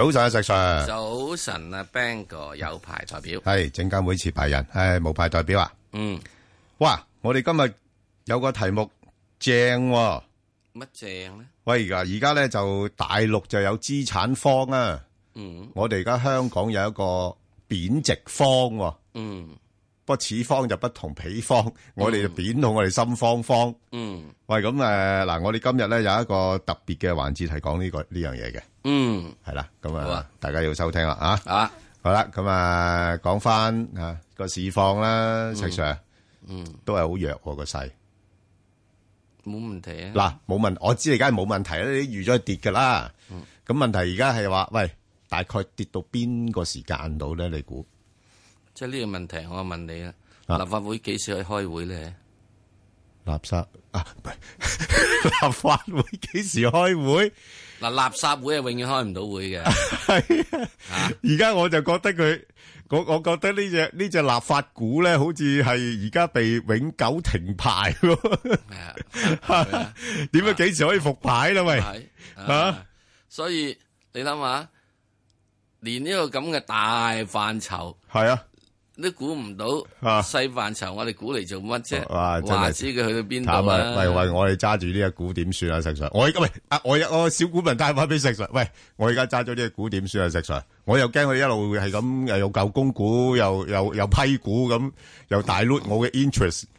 早晨啊石 Sir，早晨啊 Bangor 有牌代表係證監會持牌人，係冇牌代表啊，嗯，哇，我哋今日有個題目正、哦，乜正咧？喂，而家而家咧就大陸就有資產方啊，嗯，我哋而家香港有一個貶值方、啊，嗯。不過此方就不同彼方，我哋就貶到我哋心慌慌。嗯，喂，咁誒，嗱、呃，我哋今日咧有一個特別嘅環節係講呢個呢樣嘢嘅。嗯，係啦，咁啊，大家要收聽啦，啊，啊，好啦，咁啊，講翻啊個市況啦，嗯，石 Sir，嗯，都係好弱，啊那個個勢，冇問題啊。嗱，冇問題，我知你梗係冇問題啦，你預咗跌噶啦。咁，嗯，問題而家係話，喂，大概跌到邊個時間度咧？你估？即係呢個問題，我問你啊，立法會幾時去開會咧？垃圾啊，唔係立法會幾時開會？嗱，垃圾會啊，永遠開唔到會嘅。係啊，而家我就覺得佢，我我覺得呢隻呢隻立法股咧，好似係而家被永久停牌咯。係啊，點解？幾時可以復牌啦？喂，吓，所以你諗下，連呢個咁嘅大範疇，係啊。都估唔到，細範疇我哋估嚟做乜啫？哇！真係知佢去到邊度啦。慘啊！喂，我哋揸住呢隻股點算啊？石 sir，我依家喂，啊我我小股民帶翻俾石 sir，喂，我而家揸咗呢隻股點算啊？石 sir，我又驚佢一路係咁，又舊供股，又又又批股，咁又大碌我嘅 interest。啊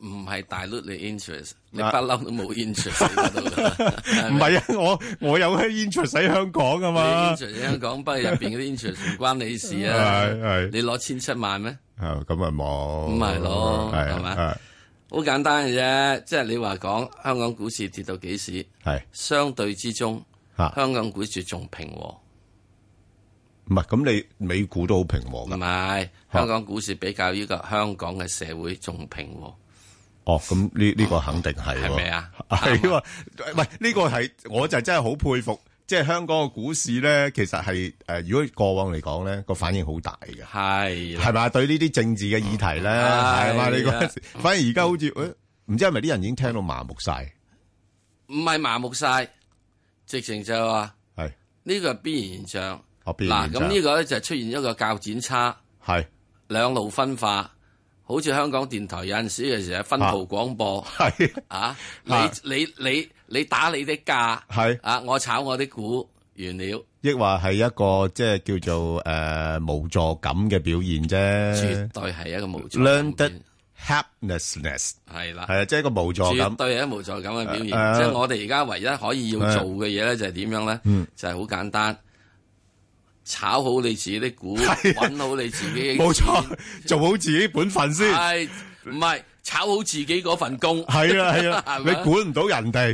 唔係大陸 你 interest，你 不嬲都冇 interest 唔係啊，我我有啲 interest 喺香港噶嘛。你 interest 喺香港，不入邊嗰啲 interest 唔關你事啊。係、哎、係，你攞千七萬咩？啊、哦，咁咪冇，唔係囉，係嘛，好簡單嘅啫。即、就、係、是、你話講香港股市跌到幾時？係相對之中，香港股市仲平和。唔係，咁你美股都好平和嘅。唔係、啊，香港股市比較呢個香港嘅社會仲平和。哦，咁呢呢個肯定係係咪啊？係唔係呢個係我就真係好佩服，即係香港嘅股市咧，其實係誒、呃，如果過往嚟講咧，個反應好大嘅係係咪？對呢啲政治嘅議題咧係嘛，你、嗯、講，反而而家好似哎、唔知係咪啲人已經聽到麻木晒，唔係麻木晒，直情就話係呢個係必然現象。嗱、啊，咁呢個咧就出現一個較剪差，係兩路分化。好似香港電台有陣時，有時係分途廣播，係啊，啊啊你你你你打你的價，係啊，我炒我的股，完了，抑或係一個即係叫做誒、呃、無助感嘅表現啫，絕對係一個無助。Learned helplessness 係啦，係啊，即係一個無助。絕對係一個無助感嘅表現，即、呃、係、就是、我哋而家唯一可以要做嘅嘢咧，就係點樣咧？就係好簡單。炒好你自己啲股，揾好你自己的，冇錯，做好自己本分先。係，唔係炒好自己嗰份工。係啦係啦，你管唔到人哋，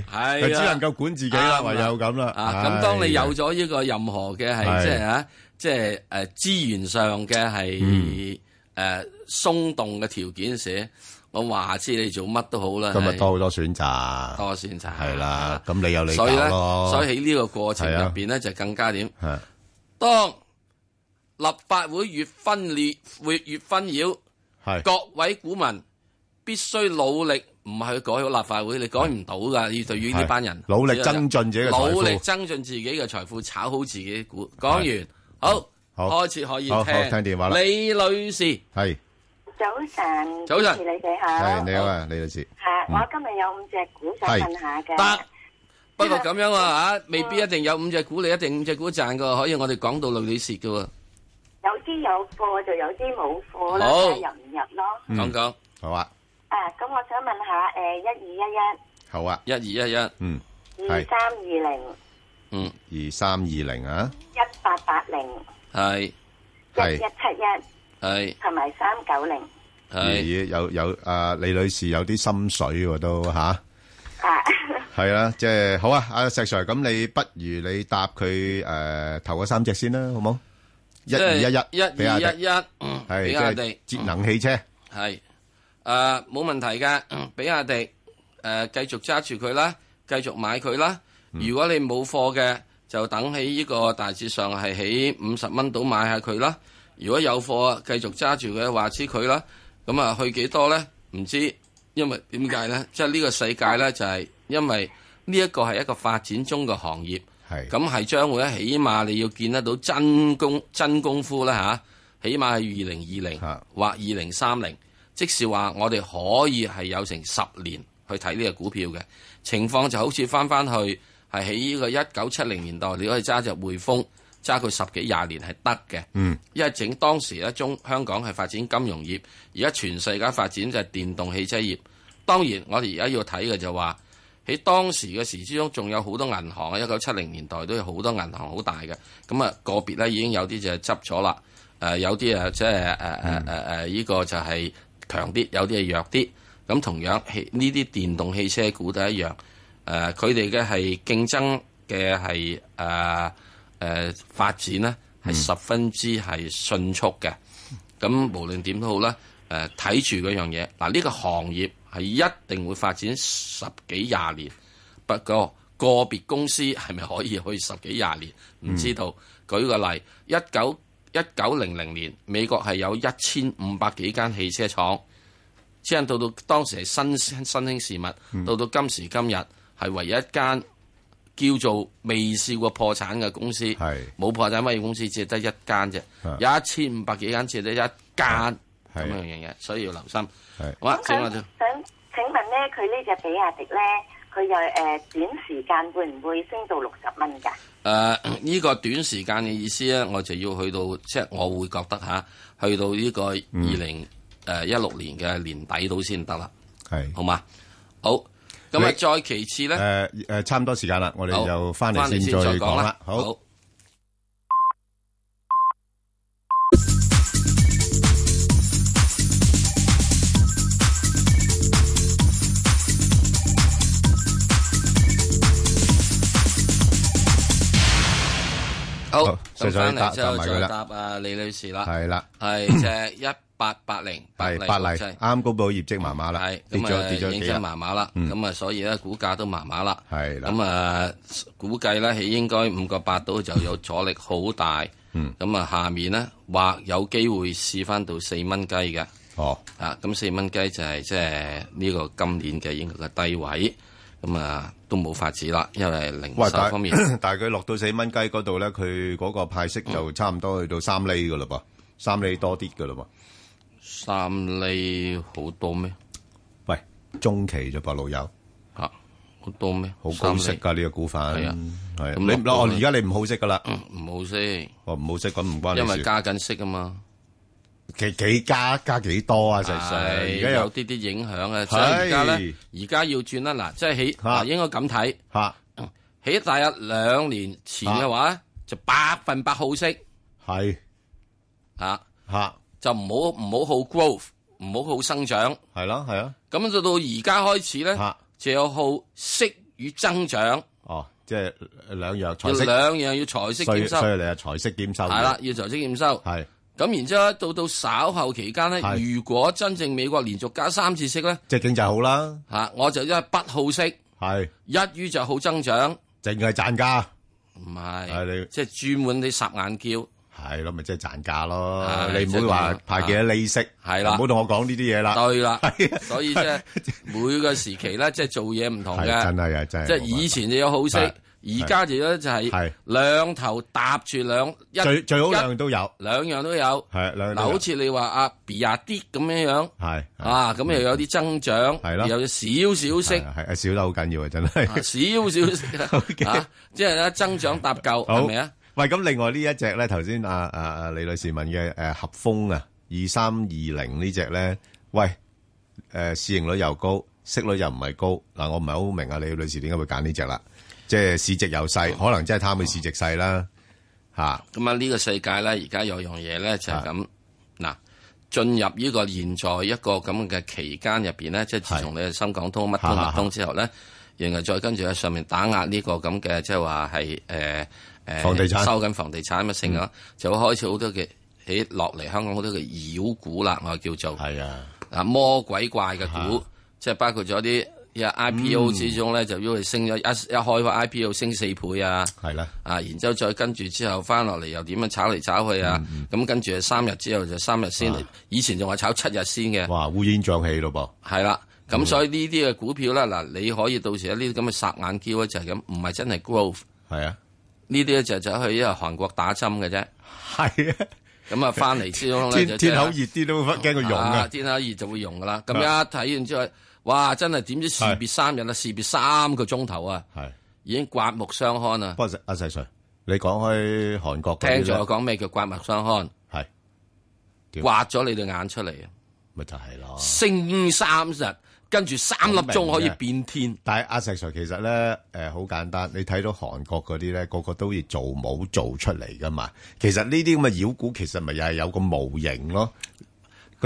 你只能夠管自己啦，唯有咁啦。啊，咁當你有咗呢個任何嘅係，即係即係誒資源上嘅係誒鬆動嘅條件時，我話知你做乜都好啦。今日多好多選擇，多選擇係啦。咁你有你搞咯。所以喺呢個過程入邊咧，就更加點。當立法會越分裂，會越紛擾。越分擾，各位股民必須努力，唔係改好立法會，你改唔到㗎。要對於呢班人，努力增進自己，努力增進自己嘅財富，富，炒好自己股。講完好，好，好，開始可以聽電話啦。李女士係，早晨，早晨，你好，係你好啊，李女士。女士啊、我今日有五隻股想問下嘅。不過咁樣啊，吓未必一定有五隻股，你一定五隻股賺噶，可以我哋講到李女士噶。有啲有貨就有啲冇貨啦，入唔入咯？講講好啊。啊，咁我想問下誒，一二一一。好啊，一二一一，嗯。二三二零。嗯，二三二零啊。一八八零。係。係。一一七一。係。同埋三九零。係。有有啊，李女士有啲心水喎，都吓。啊。係啊，即係好啊！阿石 Sir，咁你不如你答佢誒，投嗰三隻先啦，好冇？一、二、一、一、二、一、一，係比亞迪節能汽車。係誒，冇問題嘅，比亞迪誒，繼續揸住佢啦，繼續買佢啦。如果你冇貨嘅，就等喺呢個大致上係喺五十蚊度買下佢啦。如果有貨，繼續揸住佢，話知佢啦。咁啊，去幾多咧？唔知，因為點解咧？即係呢個世界咧，就係。因為呢一個係一個發展中嘅行業，係咁係將會咧，起碼你要見得到真功真功夫啦嚇，起碼係二零二零或二零三零，即是話我哋可以係有成十年去睇呢個股票嘅情況，就好似翻翻去係喺呢個一九七零年代，你可以揸隻匯豐揸佢十幾廿年係得嘅。嗯，因為整當時咧，中香港係發展金融業，而家全世界發展就係電動汽車業。當然我，我哋而家要睇嘅就話。喺當時嘅時之中，仲有好多銀行啊！一九七零年代都有好多銀行好大嘅，咁、那、啊個別咧已經有啲就係執咗啦。誒有啲、就是嗯、啊，即係誒誒誒誒呢個就係強啲，有啲係弱啲。咁同樣係呢啲電動汽車股都一樣。誒佢哋嘅係競爭嘅係誒誒發展咧係十分之係迅速嘅。咁、嗯、無論點都好啦。誒睇住嗰樣嘢嗱呢個行業，係一定會發展十幾廿年，不過個別公司係咪可以去十幾廿年唔知道，嗯。舉個例，一九一九零零年，美國係有一千五百幾間汽車廠，之後到到當時係新新興事物，嗯、到到今時今日係唯一一間叫做未試過破產嘅公司，冇破產乜嘢公司，只係得一間啫，有, 1, 有一千五百幾間，只係得一間。嗯咁樣樣嘢，所以要留心。好啊，請我想請問咧，佢呢隻比亞迪咧，佢又誒，短時間會唔會升到六十蚊噶？誒、呃、呢，這個短時間嘅意思咧，我就要去到，即、就、係、是、我會覺得吓、啊，去到呢個二零誒一六年嘅年底度先得啦。係、嗯，好嘛？好，咁啊，再其次咧，誒誒、呃，差唔多時間啦，我哋就翻嚟先，先再講啦。好。好好，上嚟之後再答啊李女士啦，係啦，係就係一八八零，八八，百麗、嗯，啱公布業績麻麻啦，係跌咗跌咗跌咗，麻麻啦，咁啊所以咧股價都麻麻啦，係啦，咁啊估計咧應該五個八到就有阻力好大，咁、嗯、啊下面咧話有機會試翻到四蚊雞嘅，哦，啊咁四蚊雞就係即係呢個今年嘅應該嘅低位。咁、嗯、啊，都冇法子啦，因為另外方面，但係佢落到四蚊雞嗰度咧，佢嗰個派息就差唔多去到三厘噶啦噃，三厘多啲噶啦噃，三厘好多咩？喂，中期啫噃老友吓，好、啊、多咩？好高息噶呢、這個股份係啊，係、啊啊、你我而家你唔好息噶啦，唔、嗯好，哦、好息，唔好息，咁唔關，因為加緊息啊嘛。幾幾加加幾多啊？就而家有啲啲影響啊！所以而家咧，而家要轉啦嗱，即係起，應該咁睇，起大約兩年前嘅話就百分百好息，係，吓吓，就唔好唔好好 growth，唔好好生長，係咯係啊，咁到到而家開始咧，就有好息與增長，哦，即係兩樣，要兩樣要財息兼收，所以所以嚟啊，財息兼收，係啦，要財息兼收，係。咁然之後到到稍後期間咧，如果真正美國連續加三次息咧，即係經濟好啦，我就因為不好息，係一於就好增長，淨係賺價，唔係，即係注滿你十眼叫，係咯，咪即係賺價咯，你唔好話派幾多利息，係啦，唔好同我講呢啲嘢啦，對啦，所以即係每個時期咧，即 係做嘢唔同嘅，真係啊，真係，即係以前你有好息。而家就咧就係兩頭搭住兩一一，兩樣都有，兩樣都有。係兩嗱，好似你話阿 B 啊啲咁樣，係啊，咁又有啲增長，係咯，有少少息，係少得好緊要的啊，真係少少息啦， 啊 okay. 即係咧增長搭夠係咪啊？喂，咁另外呢一隻咧，頭先阿阿阿李女士問嘅誒合豐啊，二三二零呢隻咧，喂誒市盈率又高，息率又唔係高嗱，我唔係好明啊，李女士點解會揀呢隻啦？即、就、係、是、市值又細、嗯，可能真係貪佢市值細啦，吓、嗯。咁啊呢個世界咧，而家有呢、就是、樣嘢咧就係咁。嗱，進、啊、入呢個現在，在一個咁嘅期間入邊咧，即係自從你深港通乜通乜通之後咧，然後、啊、再跟住喺上面打壓呢個咁嘅，即係話係誒誒，房地產收緊房地產乜性啊，就會開始好多嘅起落，嚟香港好多嘅妖股啦，我叫做係啊，啊魔鬼怪嘅股，啊、即係包括咗啲。Yeah, IPO 之中咧、嗯、就要求升咗一一開個 IPO 升四倍啊，係啦，啊然之後再跟住之後翻落嚟又點樣炒嚟炒去啊，咁、嗯、跟住三日之後就三日先、啊，以前仲話炒七日先嘅，哇烏煙瘴氣咯噃，係啦，咁、嗯、所以呢啲嘅股票咧嗱，你可以到時呢啲咁嘅嘥眼角就係咁，唔係真係 growth，係啊，呢啲咧就就去因為韓國打針嘅啫，係啊，咁啊翻嚟之後咧就真係天口熱啲都驚佢融啊，天口熱就會融噶啦，咁樣睇完之後。哇！真係點知士別三日啊，士別三個鐘頭啊，已經刮目相看啦。不過，阿石 Sir，你講開韓國聽咗我講咩叫刮目相看？係刮咗你對眼出嚟啊！咪就係、是、咯，升三日跟住三粒鐘可以變天。但係阿石 Sir 其實咧，好、呃、簡單，你睇到韓國嗰啲咧，個個都要做舞做出嚟噶嘛。其實呢啲咁嘅妖股，其實咪又係有個模型咯。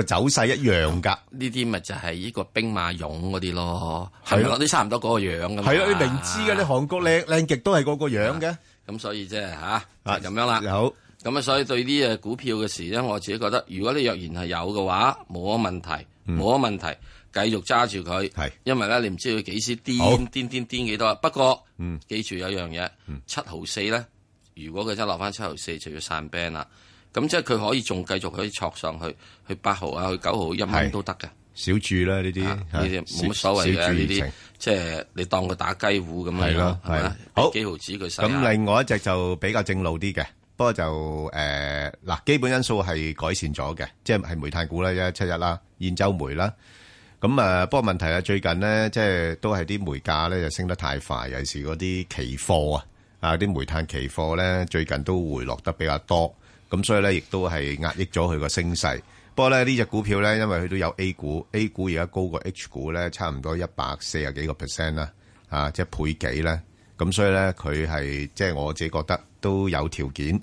走勢一樣噶，呢啲咪就係呢個兵馬俑嗰啲咯。係咯、啊，啲差唔多嗰個樣噶。係咯、啊啊，你明知噶，啲、啊、韓國靚靚極都係嗰個樣嘅。咁、啊、所以即係吓，咁、啊啊、樣啦。好、啊，咁啊，所以對啲誒股票嘅事咧，我自己覺得，如果你若然係有嘅話，冇乜問題，冇、嗯、乜問題，繼續揸住佢。係，因為咧你唔知佢幾時癲癲癲癲幾多。不過，嗯，記住有一樣嘢、嗯嗯，七毫四咧，如果佢真係落翻七毫四，就要散兵啦。咁即係佢可以仲繼續可以挫上去去八毫啊，去九毫，一蚊都得嘅小注啦。呢啲呢啲冇乜所謂嘅呢啲，即係、就是、你當佢打雞糊咁樣係咯，係好幾毫子佢。咁另外一隻就比較正路啲嘅，不過就誒嗱、呃，基本因素係改善咗嘅，即係係煤炭股啦，一七一啦，兗州煤啦。咁啊、呃，不過問題係最近呢，即、就、係、是、都係啲煤價咧就升得太快，尤其是嗰啲期貨啊，啊啲煤炭期貨咧，最近都回落得比較多。咁所以咧，亦都係壓抑咗佢個升勢。不過咧，呢隻股票咧，因為佢都有 A 股，A 股而家高過 H 股咧，差唔多一百四十幾個 percent 啦，啊，即係倍幾咧。咁所以咧，佢係即係我自己覺得都有條件，誒、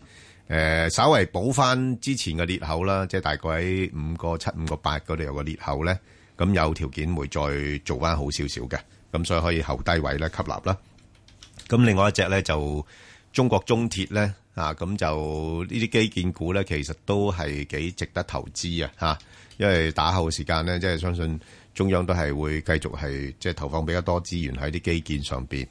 呃，稍為補翻之前嘅裂口啦，即係大概喺五個七、五個八嗰度有個裂口咧。咁有條件會再做翻好少少嘅。咁所以可以後低位咧吸納啦。咁另外一隻咧就中國中鐵咧。啊，咁就呢啲基建股呢，其實都係幾值得投資啊！嚇，因為打後時間呢，即係相信中央都係會繼續係即係投放比較多資源喺啲基建上邊。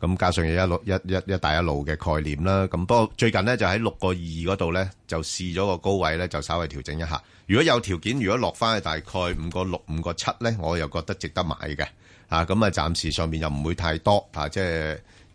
咁加上又一六一一一帶一路嘅概念啦。咁不過最近呢，就喺六個二嗰度呢，就試咗個高位呢，就稍微調整一下。如果有條件，如果落翻去大概五個六、五個七呢，我又覺得值得買嘅。啊，咁啊，暫時上面又唔會太多嚇、啊，即係。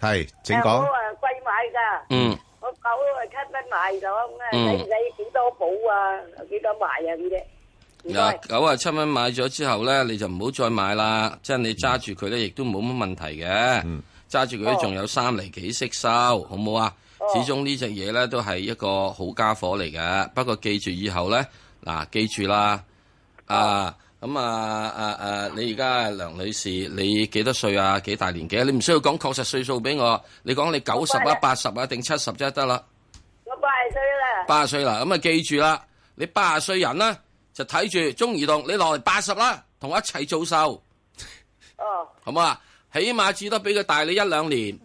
係、啊，請講。我啊貴買噶，我九啊七蚊買咗，咁啊睇睇幾多寶啊，幾、嗯啊嗯、多賣啊呢隻。嗱、啊，九啊七蚊買咗之後咧，你就唔好再買啦。即、就、係、是、你揸住佢咧，亦、嗯、都冇乜問題嘅。揸住佢仲有三厘幾息收，哦、好唔好啊、哦？始終呢隻嘢咧都係一個好家伙嚟嘅。不過記住以後咧，嗱、啊，記住啦，啊。咁、嗯、啊，啊啊！你而家啊，梁女士，你幾多歲啊？幾大年紀啊？你唔需要講確實歲數俾我，你講你九十啊、八十啊定七十啫得啦。我八十歲啦。八十歲啦，咁啊記住啦！你八十歲人啦，就睇住中移動，你落嚟，八十啦，同我一齊做秀，哦。好冇啊？起碼至多俾佢大你一兩年，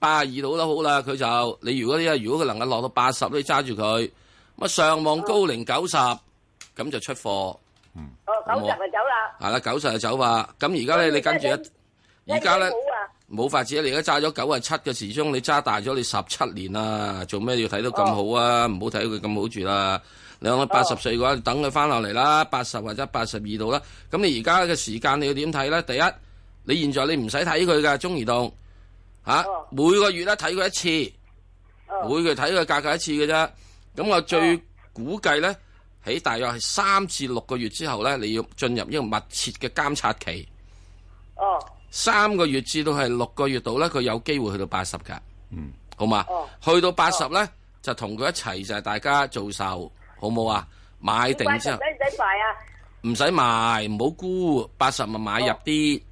八廿二到都好啦。佢就你如果呢？如果佢能夠落到八十，你揸住佢。咁啊，上網高齡九十，咁就出貨。嗯就走就走啊啊、哦，九十就走啦，係啦，九十就走吧。咁而家咧，你跟住一，而家咧冇法子啊！你而家揸咗九啊七嘅時鐘，你揸大咗你十七年啦，做咩要睇到咁好啊？唔好睇佢咁好住啦。你諗八十歲嘅話，等佢翻落嚟啦，八十或者八十二度啦。咁你而家嘅時間你要點睇咧？第一，你現在你唔使睇佢噶，中移動吓、啊哦，每個月咧睇佢一次，哦、每個月睇佢價格一次嘅啫。咁我最估計咧。哦喺大約係三至六個月之後咧，你要進入一個密切嘅監察期。哦、oh.，三個月至到係六個月度咧，佢有機會去到八十噶。嗯、mm.，好嘛？哦，去到八十咧，就同佢一齊就係大家做售，好冇啊？買定之後，使唔使賣啊？唔使賣，唔好沽。八十咪買入啲。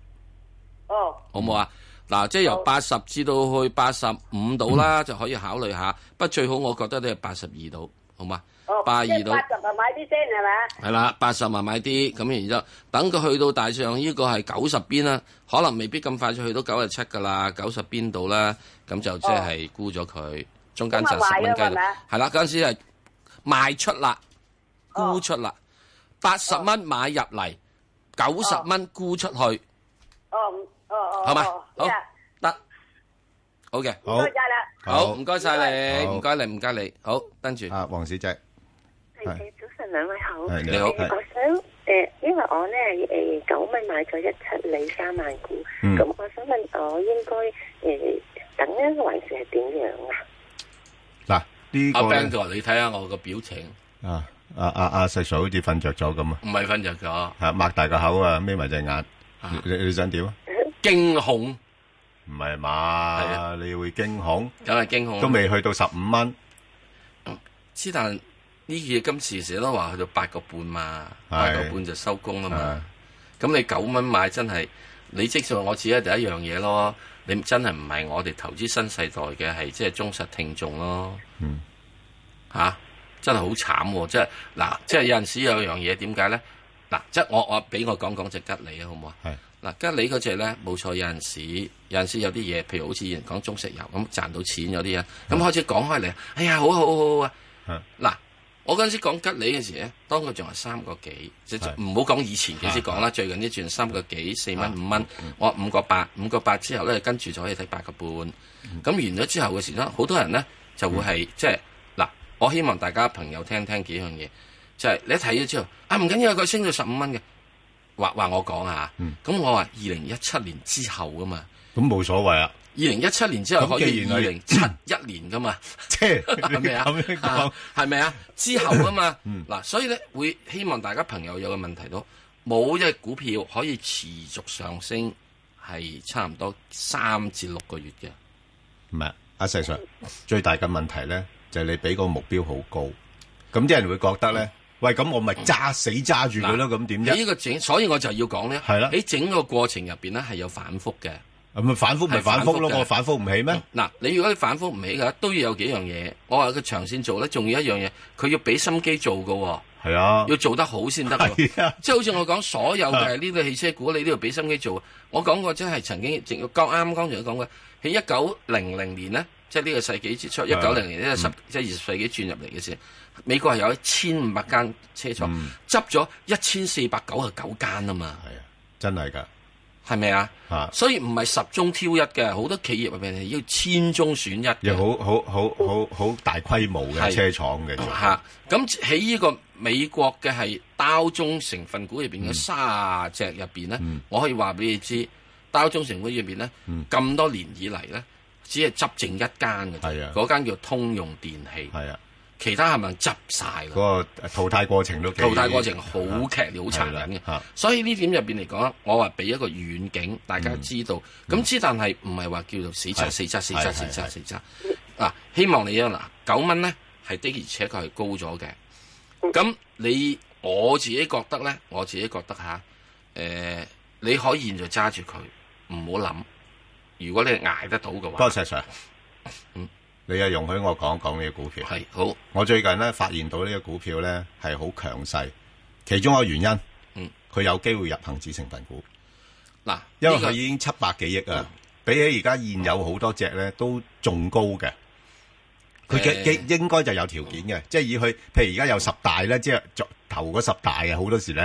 哦、oh. oh. 好好，好冇啊？嗱，即係由八十至到去八十五度啦，oh. 就可以考慮下。不過，mm. 最好，我覺得都係八十二度，好嘛？八二到，即係八十萬買啲先係咪？係啦，八十萬買啲咁，然之後等佢去到大上呢個係九十邊啦，可能未必咁快就去到九十七噶啦，九十邊度啦，咁就即係沽咗佢中間就十蚊雞度係啦。嗰陣時係賣出啦，沽出啦，八十蚊買入嚟，九十蚊沽出去。哦哦哦哦，好得，好嘅，好唔該曬啦，好唔該曬你，唔該你，唔該你，好跟住啊，黃小姐。早晨兩位好。你好，我想誒，因為我咧誒九蚊買咗一七零三萬股，咁、嗯、我想問我應該誒，點樣還是係點樣啊？嗱，呢個你睇下我個表情啊，阿阿阿細嫂好似瞓着咗咁啊？唔係瞓着咗，係擘大個口啊，眯埋隻眼，你你想點？驚恐？唔係嘛，你會驚恐？梗係驚恐，都未去到十五蚊。斯、嗯、坦。呢嘢今次成日都話去到八個半嘛，八個半就收工吖嘛。咁你九蚊買真係，你即係我指嘅第一樣嘢咯。你真係唔係我哋投資新世代嘅，係即係忠實聽眾咯。嗯，吓、啊、真係好慘，即係嗱，即係有陣時有樣嘢點解咧？嗱，即係我我俾我講講隻吉利啊，好唔好啊？係嗱，吉利嗰隻咧冇錯，有陣時有陣時有啲嘢，譬如好似人講中石油咁賺到錢嗰啲嘢，咁開始講開嚟，哎呀，好好好好啊，嗱。我嗰陣時講吉利嘅時咧，當佢仲係三個幾，即唔好講以前，幾時講啦？最近啲轉三個幾四蚊五蚊，我話五個八，五個八之後咧跟住就可以睇八個半。咁、嗯、完咗之後嘅時候呢，好多人咧就會係即係嗱，我希望大家朋友聽聽幾樣嘢，就係、是、你睇咗之後，啊唔緊要，佢升咗十五蚊嘅，話話我講啊，咁、嗯、我話二零一七年之後㗎嘛，咁冇所謂啊，二零一七年之後可以二零七一年噶嘛。 係 咪啊？係咪啊？之後啊嘛，嗱、 嗯，所以咧會希望大家朋友有個問題咯，冇隻股票可以持續上升，係差唔多三至六個月嘅。唔係，阿、細、Sir， 最大嘅問題咧，就係、是、你俾個目標好高，咁啲人會覺得咧，喂，咁我咪揸死揸住佢咯，咁點啫？喺個整，所以我就要講咧，係喇，喺整個過程入邊咧係有反覆嘅。係咪反覆咪反覆咯？我反覆唔起咩？嗱，你如果你反覆唔起嘅，都要有幾樣嘢。我話佢長線做咧，仲要一樣嘢，佢要俾心機做嘅。係啊，要做得好先得嘅。即係好似我講，所有嘅呢個汽車股，啊、你都要俾心機做。我講過，即係曾經，直講啱啱剛才講過，喺一九零零年呢，即係呢個世紀之初，一九零零年呢個十即係二十世紀轉入嚟嘅時，美國係有一千五百間車廠，執咗一千四百九十九間啊嘛。係啊，真係噶。係咪啊？所以唔係十中挑一嘅，好多企業入邊係要千中選一又好好好好好大規模嘅車廠嘅。嚇！咁喺呢個美國嘅係道指成分股入面嘅三十隻入面咧、嗯，我可以話俾你知，道指成分股入面咧，咁、嗯、多年以嚟咧，只係執剩一間嘅，嗰、啊、間叫通用電器。係啊。其他係咪執晒？嗰、那個淘汰過程都淘汰過程好劇烈、好、啊、殘忍嘅、啊，所以呢點入面嚟講，我話俾一個遠景，大家知道。咁之但係唔係話叫做死叉、死叉、死叉、死叉、死叉、啊。希望你啊，嗱九蚊咧係的，而且確係高咗嘅。咁你我自己覺得咧，我自己覺得吓，誒、啊呃、你可以現在揸住佢，唔好諗。如果你捱得到嘅話，多謝，謝 Sir。嗯你又容許我講講呢隻股票，係好。我最近咧發現到呢個股票咧係好強勢，其中一個原因，嗯，佢有機會入恒指成分股。嗱、啊，因為佢已經七百幾億啊，比起而家現有好多隻咧都仲高嘅。佢、嗯、應應該就有條件嘅、嗯，即係以佢，譬如而家有十大咧、嗯，即係做頭嗰十大嘅，好多時咧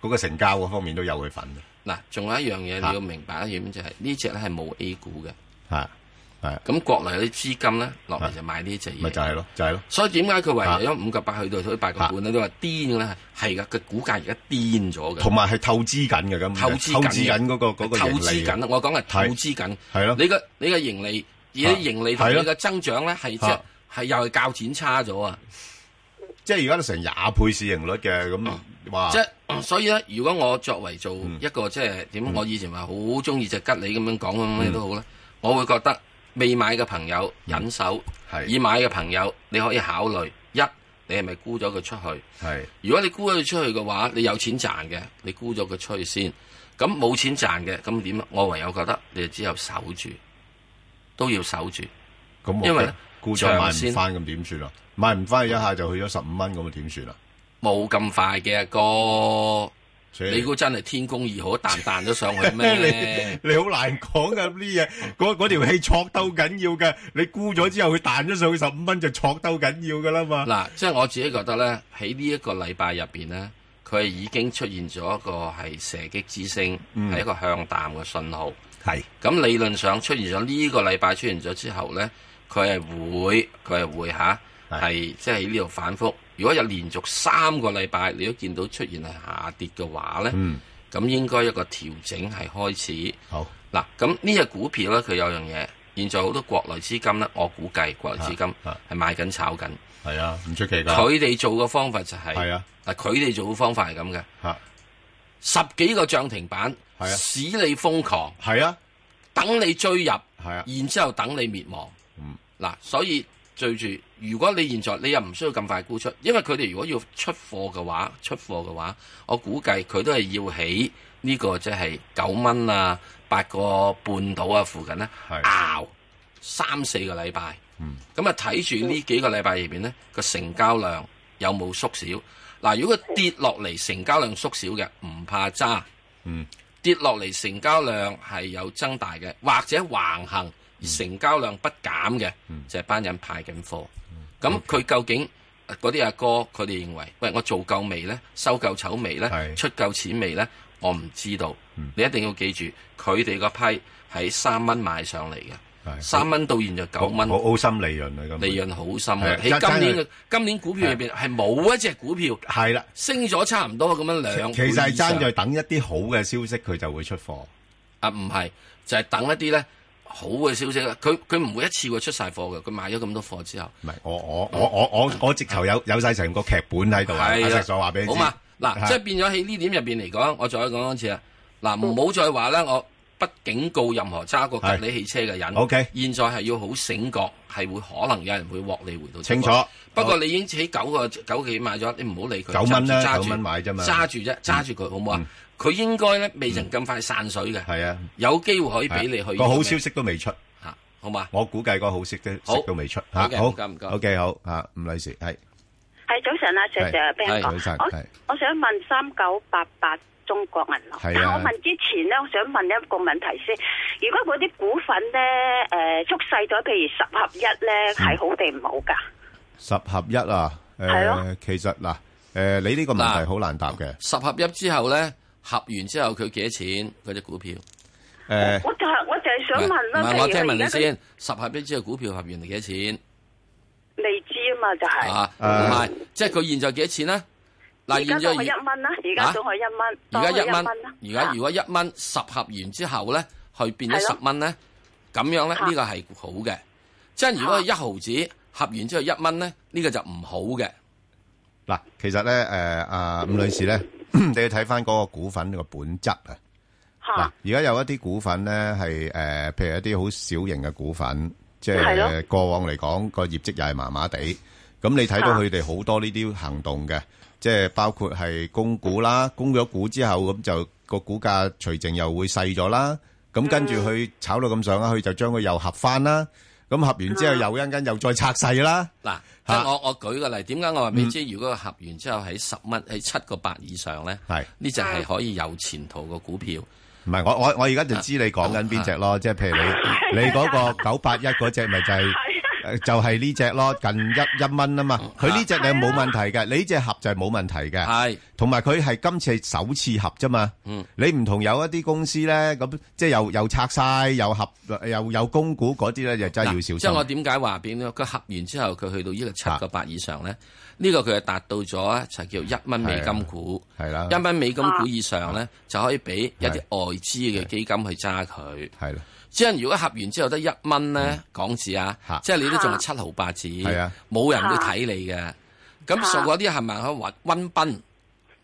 嗰、那個成交嗰方面都有佢份。嗱、啊，仲有一樣嘢你要明白一點就係呢隻咧係冇 A 股嘅。啊咁，國內啲資金咧落嚟就買呢隻嘢，咪就係咯，就係、是、咯、就是。所以點解佢為咗五個八去到咗八個半咧？都話癲嘅咧，係噶佢股價而家癲咗嘅，同埋係透支緊嘅咁，透支緊嗰個嗰個盈利。我講係透支緊，係咯。你個你個盈利而家盈利同你個增長咧，係即係又係較錢差咗啊！即係而家都成廿倍市盈率嘅咁、嗯，哇！即係所以咧，如果我作為做一個、嗯、即係點、嗯？我以前話好中意隻吉利咁樣講，咩都好咧、嗯，我會覺得。未買嘅朋友忍手，係已買嘅朋友，你可以考慮一，你係咪沽咗佢出去？係如果你沽咗佢出去嘅話，你有錢賺嘅，你沽咗佢出去先。咁冇錢賺嘅，咁點？我唯有覺得你只有守住，都要守住。咁因為，因為沽咗買唔翻，咁點算啦？買唔翻一下就去咗十五蚊，咁點算啦？冇咁快嘅哥。你估真係天宮二號彈彈咗上去咩？ 你好難講噶啲嘢，嗰條氣挫兜緊要嘅，你沽咗之後佢彈咗上去十五蚊就挫兜緊要噶啦嘛。嗱、啊，即係我自己覺得咧，喺呢一個禮拜入邊咧，佢係已經出現咗一個係射擊之星，係、嗯、一個向淡嘅信號。係咁理論上出現咗呢個禮拜出現咗之後咧，佢係會佢係會吓。啊係即係呢度反復。如果有連續三個禮拜你都見到出現係下跌嘅話呢，咁、嗯、應該一個調整係開始。好嗱，咁呢隻股票呢，佢有樣嘢，現在好多國內資金呢，我估計國內資金係買緊炒緊。係啊，唔出奇噶。佢哋做嘅方法就係、係啊、嗱，佢哋、啊、做嘅方法係咁嘅，十幾個漲停板，啊、使你瘋狂，係啊，等你追入，啊、然之後等你滅亡。嗯，嗱，所以。追住，如果你現在你又唔需要咁快沽出，因為佢哋如果要出貨嘅話，出貨嘅話，我估計佢都係要喺呢、這個即係九蚊啊、八個半到啊附近咧，熬三四個禮拜。咁、嗯、啊，睇住呢幾個禮拜入面咧個成交量有冇縮小？嗱，如果跌落嚟成交量縮小嘅，唔怕揸、嗯。跌落嚟成交量係有增大嘅，或者橫行。成交量不減嘅就係班人派緊貨，咁佢究竟嗰啲阿哥佢哋認為，喂我做夠未咧？收夠籌未咧？出夠錢未咧？我唔知道。你一定要記住，佢哋個批喺三蚊買上嚟嘅，三蚊到現在九蚊，好深利潤啊！咁利潤好深啊！喺今年嘅今年股票裏邊係冇一隻股票係啦，升咗差唔多咁樣兩。其實爭在等一啲好嘅消息，佢就會出貨。啊，唔係就係等一啲咧。好嘅消息，佢佢唔會一次過出晒貨嘅，佢買咗咁多貨之後。唔係，我我我、嗯、我我、嗯、我直頭有有晒成個劇本喺度係，一、嗯、直所話俾你好嘛，嗱，即係變咗喺呢點入邊嚟講，我再講一次啊！嗱、嗯，唔好再話呢，我不警告任何揸過吉利汽車嘅人。O、okay, K，現在係要好醒覺，係會可能有人會獲利回到清楚。不過你已經喺九個九幾買咗，你唔好理佢。九蚊買啫嘛，揸住啫，揸住佢好冇啊！嗯佢應該咧未曾咁快散水嘅，係啊，有機會可以俾你去個好消息都未出吓，好嘛？我估計個好消息都好都未出吓。好唔該，O K 好啊，吳女士係係早晨啊，多謝多謝，邊個？早晨，我我想問三九八八中國銀行，但我問之前咧，我想問一個問題先。如果嗰啲股份咧，誒縮細咗，譬如十合一咧，係好定唔好噶？十合一啊，誒，其實嗱，誒，你呢個問題好難答嘅。十合一之後咧？合完之後佢幾多錢？嗰隻股票。誒、欸，我就係我就係想問啦。我聽問你先，十合之後股票合完幾多錢？未知啊嘛，就係、是。啊，唔、啊、係、嗯，即係佢現在幾多錢咧？嗱、啊啊啊啊，現在一蚊啦，而家仲係一蚊。而家一蚊而家如果一蚊十合完之後咧，去變咗十蚊咧，咁樣咧呢、啊這個係好嘅。即係如果一毫子合完之後一蚊咧、呢、這個就唔好嘅。嗱、啊，其實咧，誒、呃，啊、呃，吳女士咧。你要睇翻嗰個股份個本質啊！嗱，而家有一啲股份咧，係誒，譬如一啲好小型嘅股份，即係過往嚟講個業績又係麻麻地。咁你睇到佢哋好多呢啲行動嘅，即係包括係供股啦，供咗股之後，咁就個股價除淨又會細咗啦。咁跟住佢炒到咁上下，佢就將佢又合翻啦。咁合完之後，又一間又再拆細啦。嗱、啊，即我我舉個例，點解我話畀你知？如果合完之後喺十蚊，喺七個八以上咧，呢隻係可以有前途嘅股票。唔係，我我我而家就知你講緊邊隻咯。即係譬如你你嗰個九八一嗰隻，咪就係、是。就係呢隻咯，近一一蚊啊嘛，佢呢隻係冇問題嘅，你呢隻合就係冇問題嘅，係，同埋佢係今次係首次合啫嘛，嗯，你唔、嗯、同有一啲公司咧，咁即係又又拆晒又合又有公股嗰啲咧，就真係要小心。即係我點解話俾佢合完之後佢去到呢個七個八以上咧？呢個佢係達到咗就叫一蚊美金股，係啦，一蚊美金股以上咧就可以俾一啲外資嘅基金去揸佢，係即係如果合完之後得一蚊咧港紙啊，即係你都仲係七毫八子，冇人都睇你嘅。咁熟嗰啲係咪去温温賓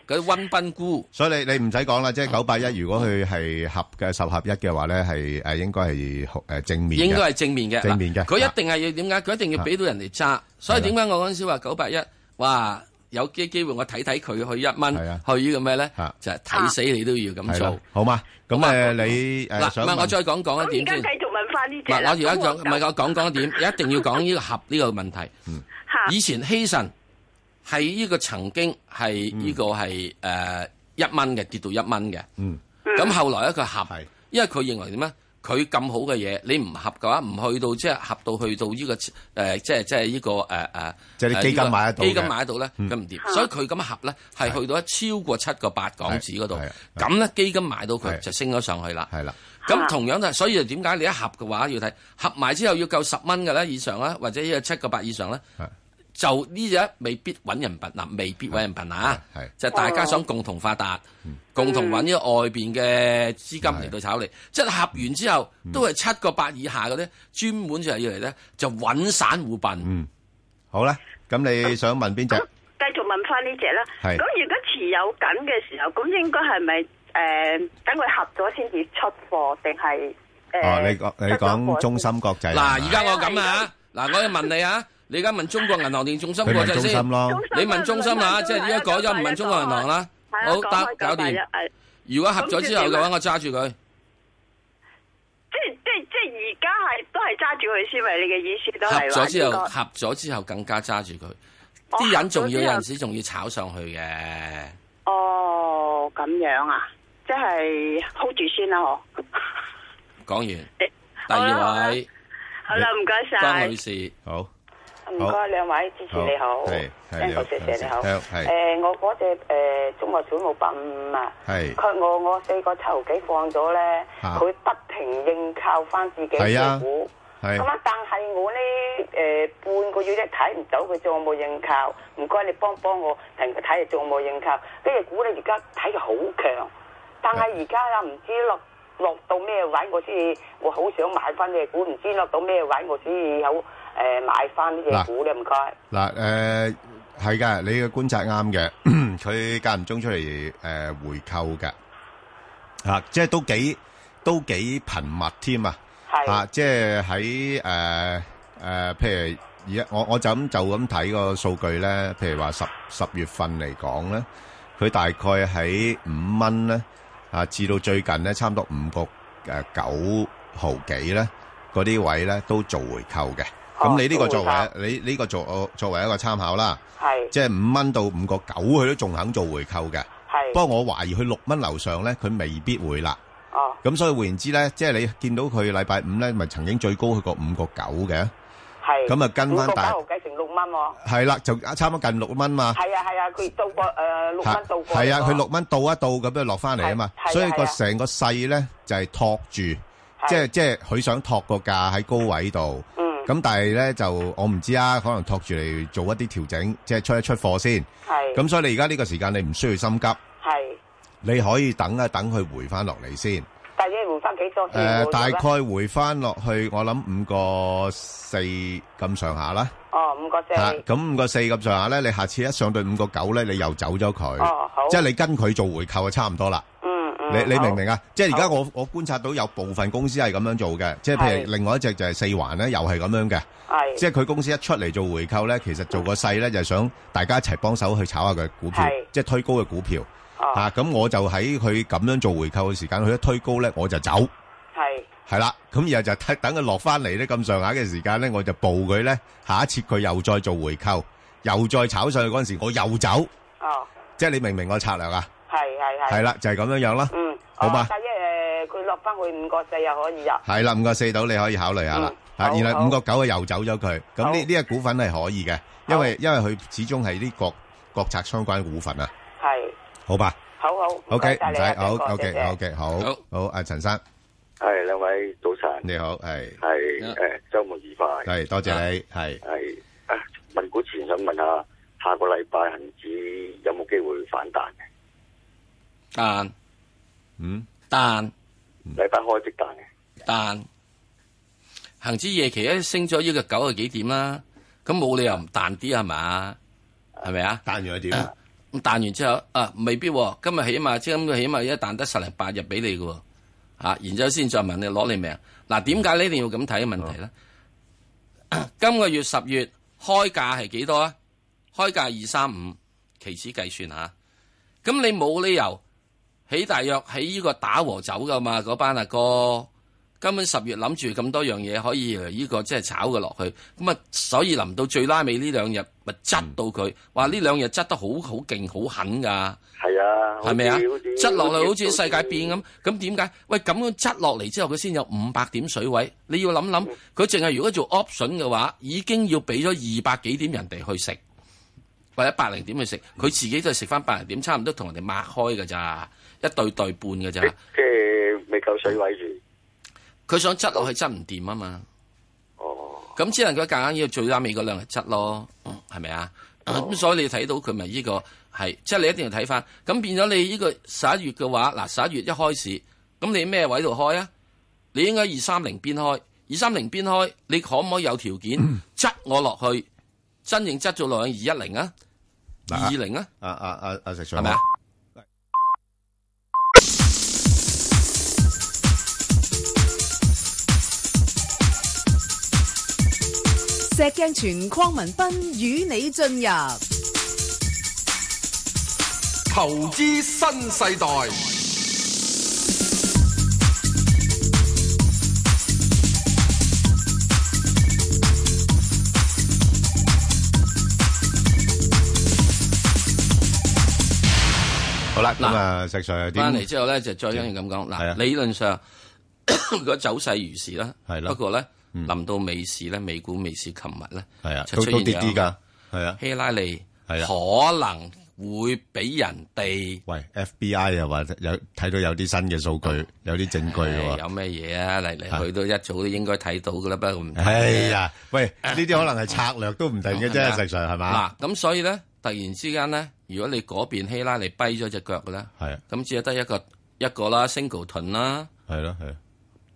嗰啲温賓菇？所以你你唔使講啦，即係九八一如果佢係合嘅十合一嘅話咧，係誒應該係誒正面，應該係正面嘅，正面嘅，佢一定係要點解？佢一定要俾到人哋揸，所以點解我嗰陣時話九八一哇？有啲機會我睇睇佢去一蚊，去呢個咩咧？就係睇死你都要咁做，好嘛？咁誒，你誒，想唔唔？我再講講一點先，繼續問翻呢隻啦。我而家就唔係我講講一點，一定要講呢個合呢個問題。吓，以前希慎係呢個曾經係呢個係誒一蚊嘅跌到一蚊嘅。嗯，咁後來一個合，因為佢認為點咧？佢咁好嘅嘢，你唔合嘅話，唔去到即係合到去到呢、呢個誒、呃，即係即係呢個誒誒，即係、呢、啲、個呃、基金買得到嘅、啊，基金買得到咧，咁唔掂，所以佢咁合咧，係去到超過七個八港紙嗰度，咁咧基金買到佢就升咗上去啦。係啦，咁同樣就係，所以就點解你一合嘅話要睇合埋之後要夠十蚊嘅咧以上啦，或者要七個八以上咧。就呢隻未必揾人笨嗱，未必揾人笨啊！就大家想共同發達，共同揾啲外邊嘅資金嚟到炒嚟，即係合完之後都係七個八以下嗰啲，專門就係要嚟咧就揾散戶笨。嗯，好啦，咁你想問邊隻？繼續問翻呢隻啦。咁如果持有緊嘅時候，咁應該係咪誒等佢合咗先至出貨，定係誒？哦，你講你講中心國際嗱，而家我咁啊，嗱，我要問你啊。你而家問中國銀行定中心嗰隻先？你問中心啦，啊啊，即係而家改咗唔問中國銀行啦，啊。好，搞掂。如果合咗之後嘅話，我揸住佢。即係即係即係，而家係都係揸住佢先，係你嘅意思都係。合咗之後，這個，合咗之後更加揸住佢。啲，哦，人仲要，有陣時仲要炒上去嘅。哦，咁樣啊，即係 hold 住先啦，嗬。講，欸、完，第二位。好啦，唔該晒，江女士，好。唔該，兩位主持好，你好，張好，石石你好，誒、呃、我嗰隻誒中國水務百五五啊，佢我我四個籌幾放咗咧，佢、啊、不停認購翻自己嘅股，咁啊但係我呢，誒、呃、半個月咧睇唔到佢仲有冇認購，唔該你幫幫我，同佢睇下仲有冇認購，呢、這、隻、個、股咧而家睇嘅好強，但係而家又唔知落落到咩位我，我先我好想買翻呢隻股，唔知落到咩位我，我先有。誒，買翻啲嘢，股咧，唔該。嗱，誒，係噶，你嘅觀察啱嘅。佢間唔中出嚟誒回購嘅，啊，即係都幾都幾頻密添啊！啊，即係喺誒誒，譬如而家我我就咁就咁睇個數據咧，譬如話十十月份嚟講咧，佢大概喺五蚊咧，啊，至到最近咧，差唔多五個誒九毫幾咧，嗰啲位咧都做回購嘅。咁你呢個作為，你呢個作作為一個參考啦，係即係五蚊到五個九，佢都仲肯做回購嘅。係，不過我懷疑佢六蚊樓上咧，佢未必會啦。哦，咁所以換言之咧，即係你見到佢禮拜五咧，咪曾經最高去過五個九嘅。係，咁啊跟翻大。六蚊係啦，就差唔多近六蚊嘛。係啊係啊，佢到過誒六蚊到過。係啊，佢六蚊到一到，咁啊落翻嚟啊嘛。所以個成個勢咧就係托住，即係即係佢想托個價喺高位度。咁但係咧就我唔知啊，可能托住嚟做一啲調整，即係出一出貨先。係。咁所以你而家呢個時間你唔需要心急。係。你可以等一等佢回翻落嚟先。大約回翻幾多？誒、呃，大概回翻落去，我諗五個四咁上下啦。哦，五個四。咁、啊、五個四咁上下咧，你下次一上到五個九咧，你又走咗佢。哦，好。即係你跟佢做回購就差唔多啦。.你你明唔明啊？即係而家我我觀察到有部分公司係咁樣做嘅，即係譬如另外一隻就係四環咧，又係咁樣嘅。係。即係佢公司一出嚟做回購咧，其實做個勢咧就係想大家一齊幫手去炒下佢股票，即係推高佢股票。哦。嚇！咁我就喺佢咁樣做回購嘅時間，佢一推高咧我就走。係。係啦，咁然後就等佢落翻嚟咧，咁上下嘅時間咧，我就報佢咧。下一次佢又再做回購，又再炒上去嗰陣時，我又走。哦。即係你明唔明我嘅策略啊？係啦，就係咁樣樣啦。嗯，好嘛。但係誒，佢落翻去五個四又可以入。係啦，五個四到你可以考慮下啦。吓，而家五個九又走咗佢。咁呢呢個股份係可以嘅，因為因為佢始終係啲國國策相關股份啊。係。好吧。好好。O K，唔使。O K，O K，O K，好。好。好，阿陳生。係兩位早晨。你好，係。係，誒，周末愉快。係，多謝你。係，係。誒，問股前想問下，下個禮拜恒指有冇機會反彈？但，嗯，但禮拜開即彈嘅，但恒指夜期一升咗呢個九十幾點啦，咁冇理由唔彈啲係嘛，係咪啊？彈完係點？咁、啊、彈完之後，啊未必，今日起碼即係咁，起碼一彈得十零八日俾你嘅，吓、啊啊，然之後先再問你攞你命。嗱、啊，點解呢？一定要咁睇嘅問題咧、啊啊？今個月十月開價係幾多價 2, 3, 5, 啊？開價二三五，期指計算吓，咁你冇理由。起大約起呢個打和走噶嘛，嗰班阿哥，哥根本十月諗住咁多樣嘢可以呢，呢個即係炒佢落去，咁啊所以臨到最拉尾呢兩日咪執到佢。話、嗯、呢兩日執得好好勁好狠噶，係啊，係咪啊？執落去好似世界變咁，咁點解？喂，咁樣執落嚟之後，佢先有五百點水位，你要諗諗，佢淨係如果做 option 嘅話，已經要俾咗二百幾點人哋去食，或者百零點去食，佢自己都係食翻百零點，差唔多同人哋抹開㗎咋。一對對半嘅咋，即係未夠水位住。佢想執落去執唔掂啊嘛。哦，咁只能夠夾硬要最啱尾嗰兩日執咯。嗯，係咪啊？咁、哦、所以你睇到佢咪呢個係，即係、就是、你一定要睇翻。咁變咗你呢個十一月嘅話，嗱十一月一開始，咁你咩位度開啊？你應該二三零邊開，二三零邊開，你可唔可以有條件執我落去、嗯、去，真正執咗落去二一零啊？二零啊？阿阿阿阿係咪啊？啊啊啊啊石鏡泉鄺文斌與你進入投資新世代。好啦，咁啊石 Sir 翻嚟之後咧，就是、再一樣咁講。嗱，理論上，如 果走勢如是啦，係啦，不過咧。臨、嗯、到尾市咧，美股美市琴日咧，係啊，出都都跌啲噶，係啊，啊，希拉里係啊，可能會俾人哋、啊、喂 FBI 又話有睇到有啲新嘅數據，嗯、有啲證據喎、哎，有咩嘢啊？嚟嚟去到一早都應該睇到噶啦，不過唔哎呀，喂，呢啲可能係策略都唔定嘅啫，實際上係嘛？嗱、啊，咁、啊啊、所以咧，突然之間咧，如果你嗰邊希拉里跛咗隻腳嘅咧，係啊，咁只係得一個、啊、一、個一個啦，single 盾啦，係咯、啊，係、啊。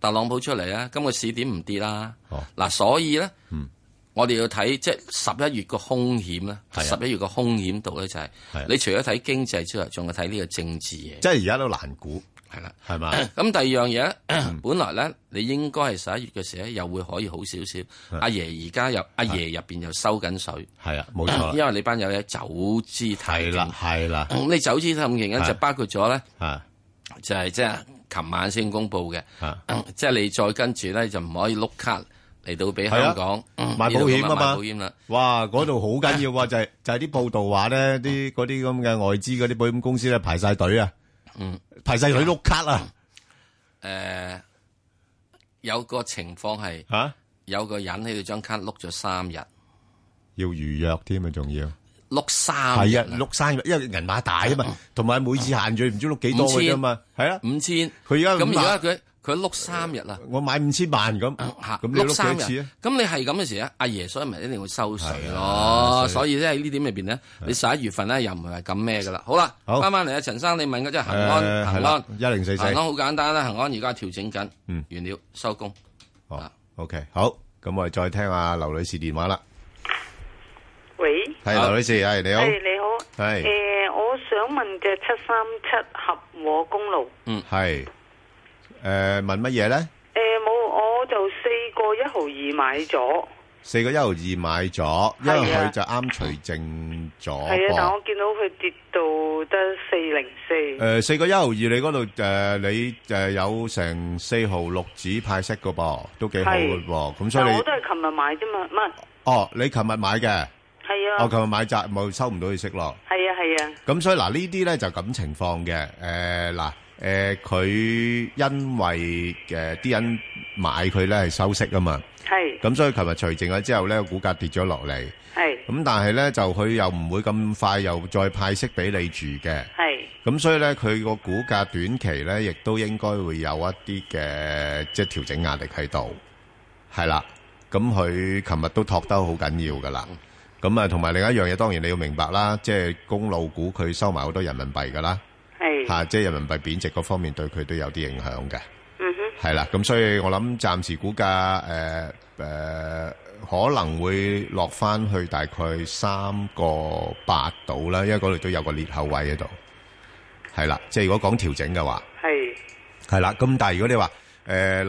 特朗普出嚟啊！今日市點唔跌啦，嗱、哦，所以咧、嗯，我哋要睇即係十一月個風險咧，十一、啊、月個風險度咧就係、是啊，你除咗睇經濟之外，仲要睇呢個政治嘢。即係而家都難估，係啦、啊，係嘛。咁、嗯、第二樣嘢， 本來咧，你應該係十一月嘅時咧，又會可以好少少。阿爺而家又阿爺入邊又收緊水，係啊，冇錯。因為你班友咧、啊、走資，太係啦，係啦、啊。咁、啊嗯、你走資太緊咧，就包括咗咧、啊啊，就係即係。琴晚先公布嘅，即係你再跟住咧就唔可以碌卡嚟到俾香港買保險啊嘛，買保險啦！哇，嗰度好緊要喎，就係就係啲報道話咧，啲嗰啲咁嘅外資嗰啲保險公司咧排曬隊啊，排曬隊碌卡啊！誒，有個情況係嚇，有個人喺度張卡碌咗三日，要預約添啊，仲要。碌三係啊，碌三日，因為銀碼大啊嘛，同埋每次限聚唔知碌幾多錢嘅啫嘛，係啊，五千，佢而家咁而家佢，佢碌三日啦，我買五千萬咁，咁碌三日啊，咁你係咁嘅時咧，阿爺所以咪一定會收稅咯，所以咧喺呢點入面咧，你十一月份咧又唔係咁咩噶啦，好啦，好啱啱嚟啊，陳生你問嘅即係恒安，恒安一零四四，恒安好簡單啦，恒安而家調整緊，嗯，完了收工，哦，OK，好，咁我哋再聽下劉女士電話啦。喂，係劉女士，係你好，係你好，係，誒，我想問嘅七三七合和公路，嗯，係，誒，問乜嘢咧？誒，冇，我就四個一毫二買咗，四個一毫二買咗，因為佢就啱除淨咗，係啊，但我見到佢跌到得四零四，誒，四個一毫二，你嗰度誒，你誒有成四毫六子派息噶噃，都幾好嘅噃，咁所以我都係琴日買啫嘛，乜，哦，你琴日買嘅。係啊！我琴日買扎冇收唔到佢息咯。係啊，係啊。咁所以嗱，呢啲咧就咁情況嘅。誒，嗱，誒，佢因為誒啲人買佢咧係收息啊嘛。係。咁所以琴日除淨咗之後咧，股價跌咗落嚟。係。咁但係咧，就佢又唔會咁快又再派息俾你住嘅。係。咁所以咧，佢個股價短期咧，亦都應該會有一啲嘅即係調整壓力喺度。係啦，咁佢琴日都托得好緊要噶啦。咁啊，同埋另一樣嘢，當然你要明白啦，即係公路股佢收埋好多人民幣噶啦，啊、即係人民幣貶值嗰方面對佢都有啲影響嘅，嗯哼，係啦，咁所以我諗暫時股價誒、呃呃、可能會落翻去大概三個八度啦，因為嗰度都有個裂口位喺度，係啦，即係如果講調整嘅話，係係啦，咁但係如果你話，誒，諗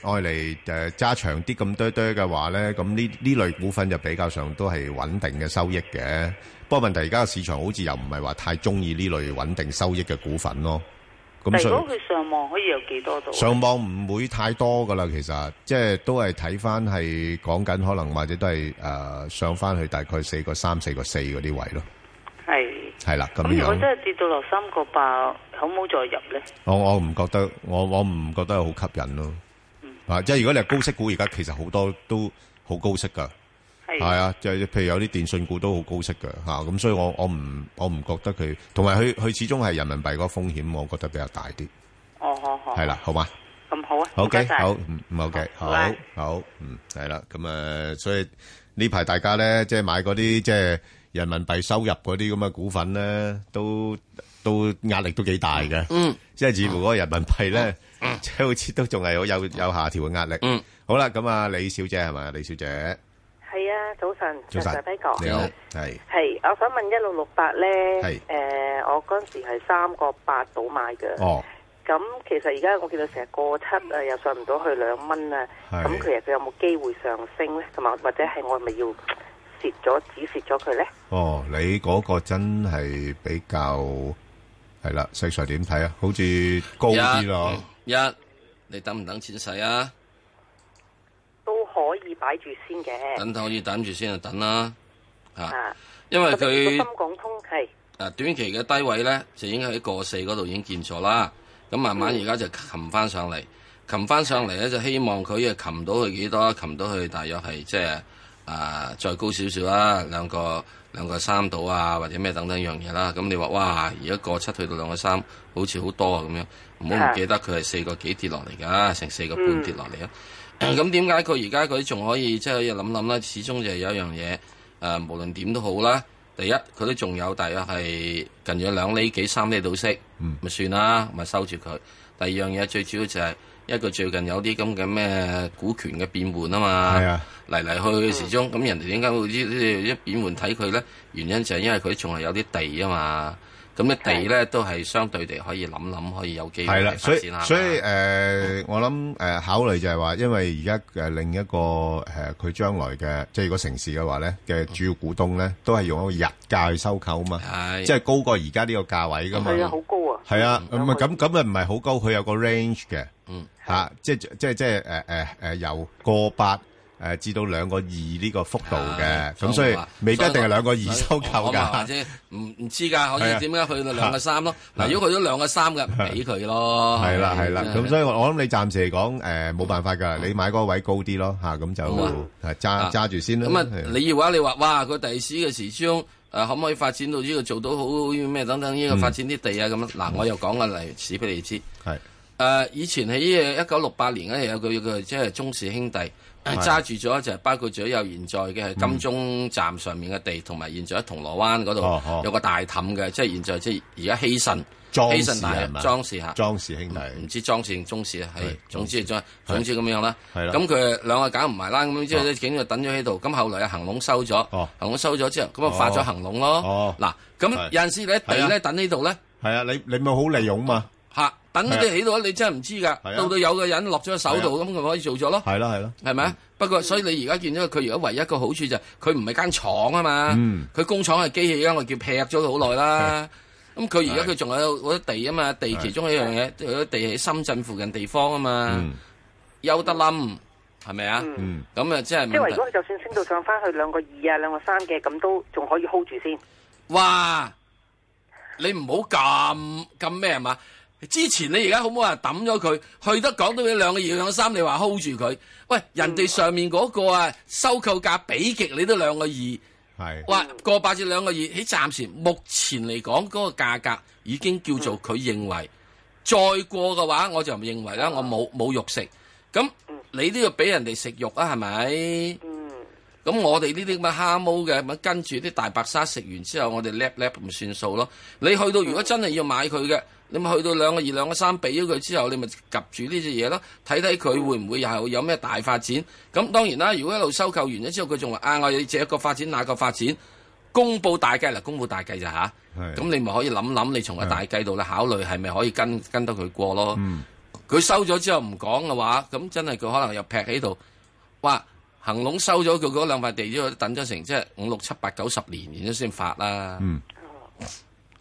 住愛嚟誒揸長啲咁多堆嘅話咧，咁呢呢類股份就比較上都係穩定嘅收益嘅。不過問題而家個市場好似又唔係話太中意呢類穩定收益嘅股份咯。咁如果佢上望可以有幾多度？上望唔會太多噶啦，其實即係都係睇翻係講緊可能或者都係誒、呃、上翻去大概四個三四個四嗰啲位咯。係係啦，咁樣樣。我真係跌到落三個百，好冇再入咧？我我唔覺得，我我唔覺得好吸引咯。嗯，啊，即係如果你係高息股，而家其實好多都好高息噶，係啊，即係譬如有啲電信股都好高息噶嚇，咁所以我我唔我唔覺得佢，同埋佢佢始終係人民幣嗰個風險，我覺得比較大啲。哦，好好，係啦，好嘛？咁好啊，OK，好，嗯，好嘅，好，好，嗯，係啦，咁啊，所以呢排大家咧，即係買嗰啲即係。人民幣收入嗰啲咁嘅股份咧，都都壓力都幾大嘅。嗯，即係似乎嗰個人民幣咧，即、嗯、係、嗯、好似都仲係有有，有下調嘅壓力。嗯，好啦，咁啊，李小姐係咪？李小姐係啊，早晨，早晨，大哥，你好，係係，我想問一六六八咧，係誒、呃，我嗰時係三個八度買嘅。哦，咁、嗯、其實而家我見到成日過七誒，又上唔到去兩蚊啊。咁其實佢有冇機會上升咧？同埋或者係我係咪要？蝕咗，止蝕咗佢咧。哦，你嗰個真係比較係啦，細碎點睇啊，好似高啲咯。一，你等唔等錢使啊？都可以擺住先嘅。等等可以等住先就等啊，等啦吓。因為佢深港通係啊，短期嘅低位咧，就已經喺過四嗰度已經見咗啦。咁慢慢而家就擒翻上嚟，擒、嗯、翻上嚟咧，就希望佢啊擒到去幾多，擒到去大約係即係。嗯啊，再高少少啦，兩個兩個三到啊，或者咩等等一樣嘢啦。咁你話哇，而家一個七去到兩個三，好似好多啊咁樣。唔好唔記得佢係四個幾跌落嚟噶，成四個半跌落嚟啊。咁點解佢而家佢仲可以即係諗諗啦，始終就係有一樣嘢，誒、啊，無論點都好啦。第一，佢都仲有，大約係近咗兩厘幾、三厘到息，咪、嗯、算啦，咪收住佢。第二樣嘢最主要就係一個最近有啲咁嘅咩股權嘅變換啊嘛。係啊。嚟嚟去去時鐘咁，人哋點解會一變換睇佢咧？原因就係因為佢仲係有啲地啊嘛。咁嘅地咧都係相對地可以諗諗，可以有機會發展啦。所以所以誒、呃，我諗、呃、考慮就係話，因為而家、呃、另一個誒佢、呃、將來嘅即係如果城市嘅話咧嘅主要股東咧，都係用一個日價去收購啊嘛，即係高過而家呢個價位噶嘛。係啊，好高啊！係啊，咁咁咪唔係好高，佢有個 range 嘅。嗯，嗯啊、即係即係即係誒誒誒由個八。誒至到兩個二呢個幅度嘅，咁、啊、所以未必一定係兩個二收購㗎，唔唔 知㗎，可以點解去到兩個三咯？嗱，如果去到兩個三嘅，俾佢咯。係啦係啦，咁、啊啊啊啊、所以我諗你暫時嚟講冇辦法㗎，你買嗰個位高啲咯咁、啊、就揸揸住先啦。咁、啊啊啊啊、你你話你話，哇！佢第時嘅時窗誒可唔可以發展到呢、呢個做到好咩等等？呢、嗯、個發展啲地啊咁嗱、嗯啊，我又講個歷史俾你知。係、啊啊、以前喺一九六八年咧，有個即係中氏兄弟。揸住咗就包括咗有現在嘅金鐘站上面嘅地，同、嗯、埋現在喺銅鑼灣嗰度有個大氹嘅、哦哦，即係現在即而家希慎，希慎大係嘛？莊士兄弟，唔、嗯、知莊士定中事，啦。係，總之總之咁樣啦。係啦、啊。咁佢兩個搞唔埋啦，咁之後咧警就等咗喺度。咁、哦、後來啊行龍收咗、哦，行龍收咗之後，咁啊發咗行龍咯。哦，嗱，咁有陣時你咧地咧等呢度咧，係啊，你你咪好利勇嘛？等佢起到，啊，你真係唔知噶、啊。到到有個人落咗手度，咁佢，啊，可以做咗咯。係啦係啦，係咪啊，啊，嗯？不過所以你而家見到佢而家唯一,一個好處就係佢唔係間廠啊嘛。佢，嗯，工廠係機器咧，我叫劈咗佢好耐啦。咁佢而家佢仲有嗰啲地嘛啊嘛，地其中一樣嘢，是啊，地喺深圳附近地方啊嘛，嗯，休得冧係咪啊？咁，嗯，啊，即係因為，嗯就就就是，如果佢就算升到上翻去兩個二啊，兩個三嘅，咁都仲可以 hold 住先。哇！你唔好咁咁咩係嘛？之前你而家好唔好話抌咗佢，去得講到你兩個二兩三，你話 hold 住佢？喂，人哋上面嗰個啊，收購價比極你都兩個二，係，哇，過百至兩個二，喺暫時目前嚟講，嗰、那個價格已經叫做佢認為、嗯、再過嘅話，我就唔認為啦。我冇冇肉食，咁你都要俾人哋食肉啊？係咪？咁我哋呢啲咁嘅蝦毛嘅咁跟住啲大白鯊食完之後，我哋叻叻唔算數咯。你去到如果真係要買佢嘅。你咪去到兩個二兩個三俾咗佢之後，你咪及住呢隻嘢咯，睇睇佢會唔會又係有咩大發展。咁當然啦，如果一路收購完咗之後，佢仲話啊，我要借一個發展，那個發展，公布大計啦，公布大計就吓，咁你咪可以諗諗，你從個大計度咧考慮，係咪可以跟跟得佢過咯？佢、嗯、收咗之後唔講嘅話，咁真係佢可能又劈喺度。哇！恒隆收咗佢嗰兩塊地之後，等咗成即係五六七八九十年，然之後先發啦。嗯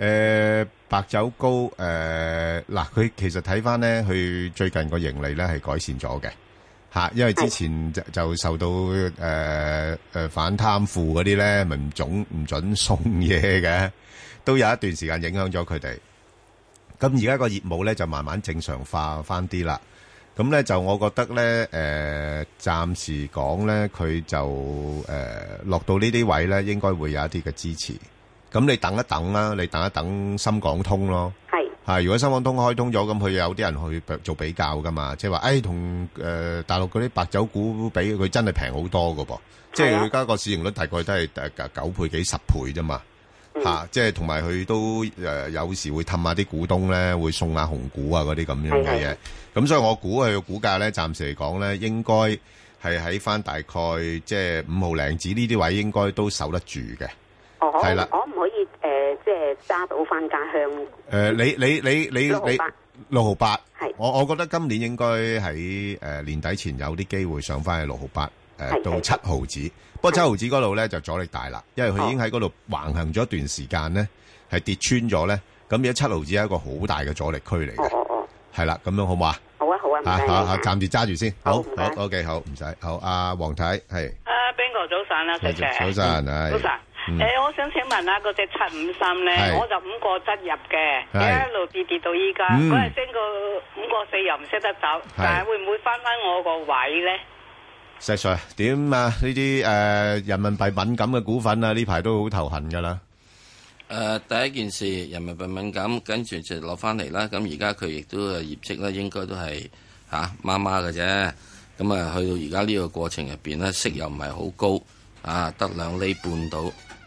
誒、呃，白酒高誒，嗱、呃，佢其實睇翻咧，佢最近個盈利咧係改善咗嘅吓，因為之前就就受到誒誒、呃、反貪腐嗰啲咧，咪唔准唔准送嘢嘅，都有一段時間影響咗佢哋。咁而家個業務咧就慢慢正常化翻啲啦。咁咧就我覺得咧，誒、呃，暫時講咧，佢就誒、呃、落到呢啲位咧，應該會有一啲嘅支持。咁你等一等啦、啊，你等一等深港通咯。係，吓如果深港通開通咗，咁佢有啲人去做比較噶嘛，即係話，誒、哎、同、呃、大陸嗰啲白酒股比，佢真係平好多噶噃、啊。即係而家個市盈率大概都係九倍幾十倍啫嘛。嗯啊、即係同埋佢都有時會氹下啲股東咧，會送下紅股啊嗰啲咁樣嘅嘢。咁所以我估佢嘅股價咧，暫時嚟講咧，應該係喺翻大概即係五毫零紙呢啲位，應該都守得住嘅。係、哦、啦。哦揸到翻家鄉。誒、呃，你你你你你六號八。係。我我覺得今年應該喺誒年底前有啲機會上翻去六號八、呃。誒到七毫子，不過七毫子嗰度咧就阻力大啦，因為佢已經喺嗰度橫行咗一段時間咧，係跌穿咗咧，咁而家七毫子係一個好大嘅阻力區嚟。嘅，哦哦。係啦，咁樣好嘛？好啊好啊，唔該。啊啊啊，暫時揸住先。好。好。O K，好，唔使。好，阿、okay, 黃、啊、太係。阿 Bingo 早晨啦。石奇。早晨，嗯誒、嗯欸，我想請問下嗰隻七五三咧，我就五個質入嘅，一路跌跌到依家，我、嗯、係升過五個四又唔識得走，是但係會唔會翻翻我個位咧石 Sir，點啊？呢啲誒人民幣敏感嘅股份啊，呢排都好頭痕㗎啦。誒、呃，第一件事人民幣敏感，跟住就攞翻嚟啦。咁而家佢亦都業績咧，應該都係嚇麻麻嘅啫。咁啊，媽媽去到而家呢個過程入邊咧，息又唔係好高，啊，得兩厘半到。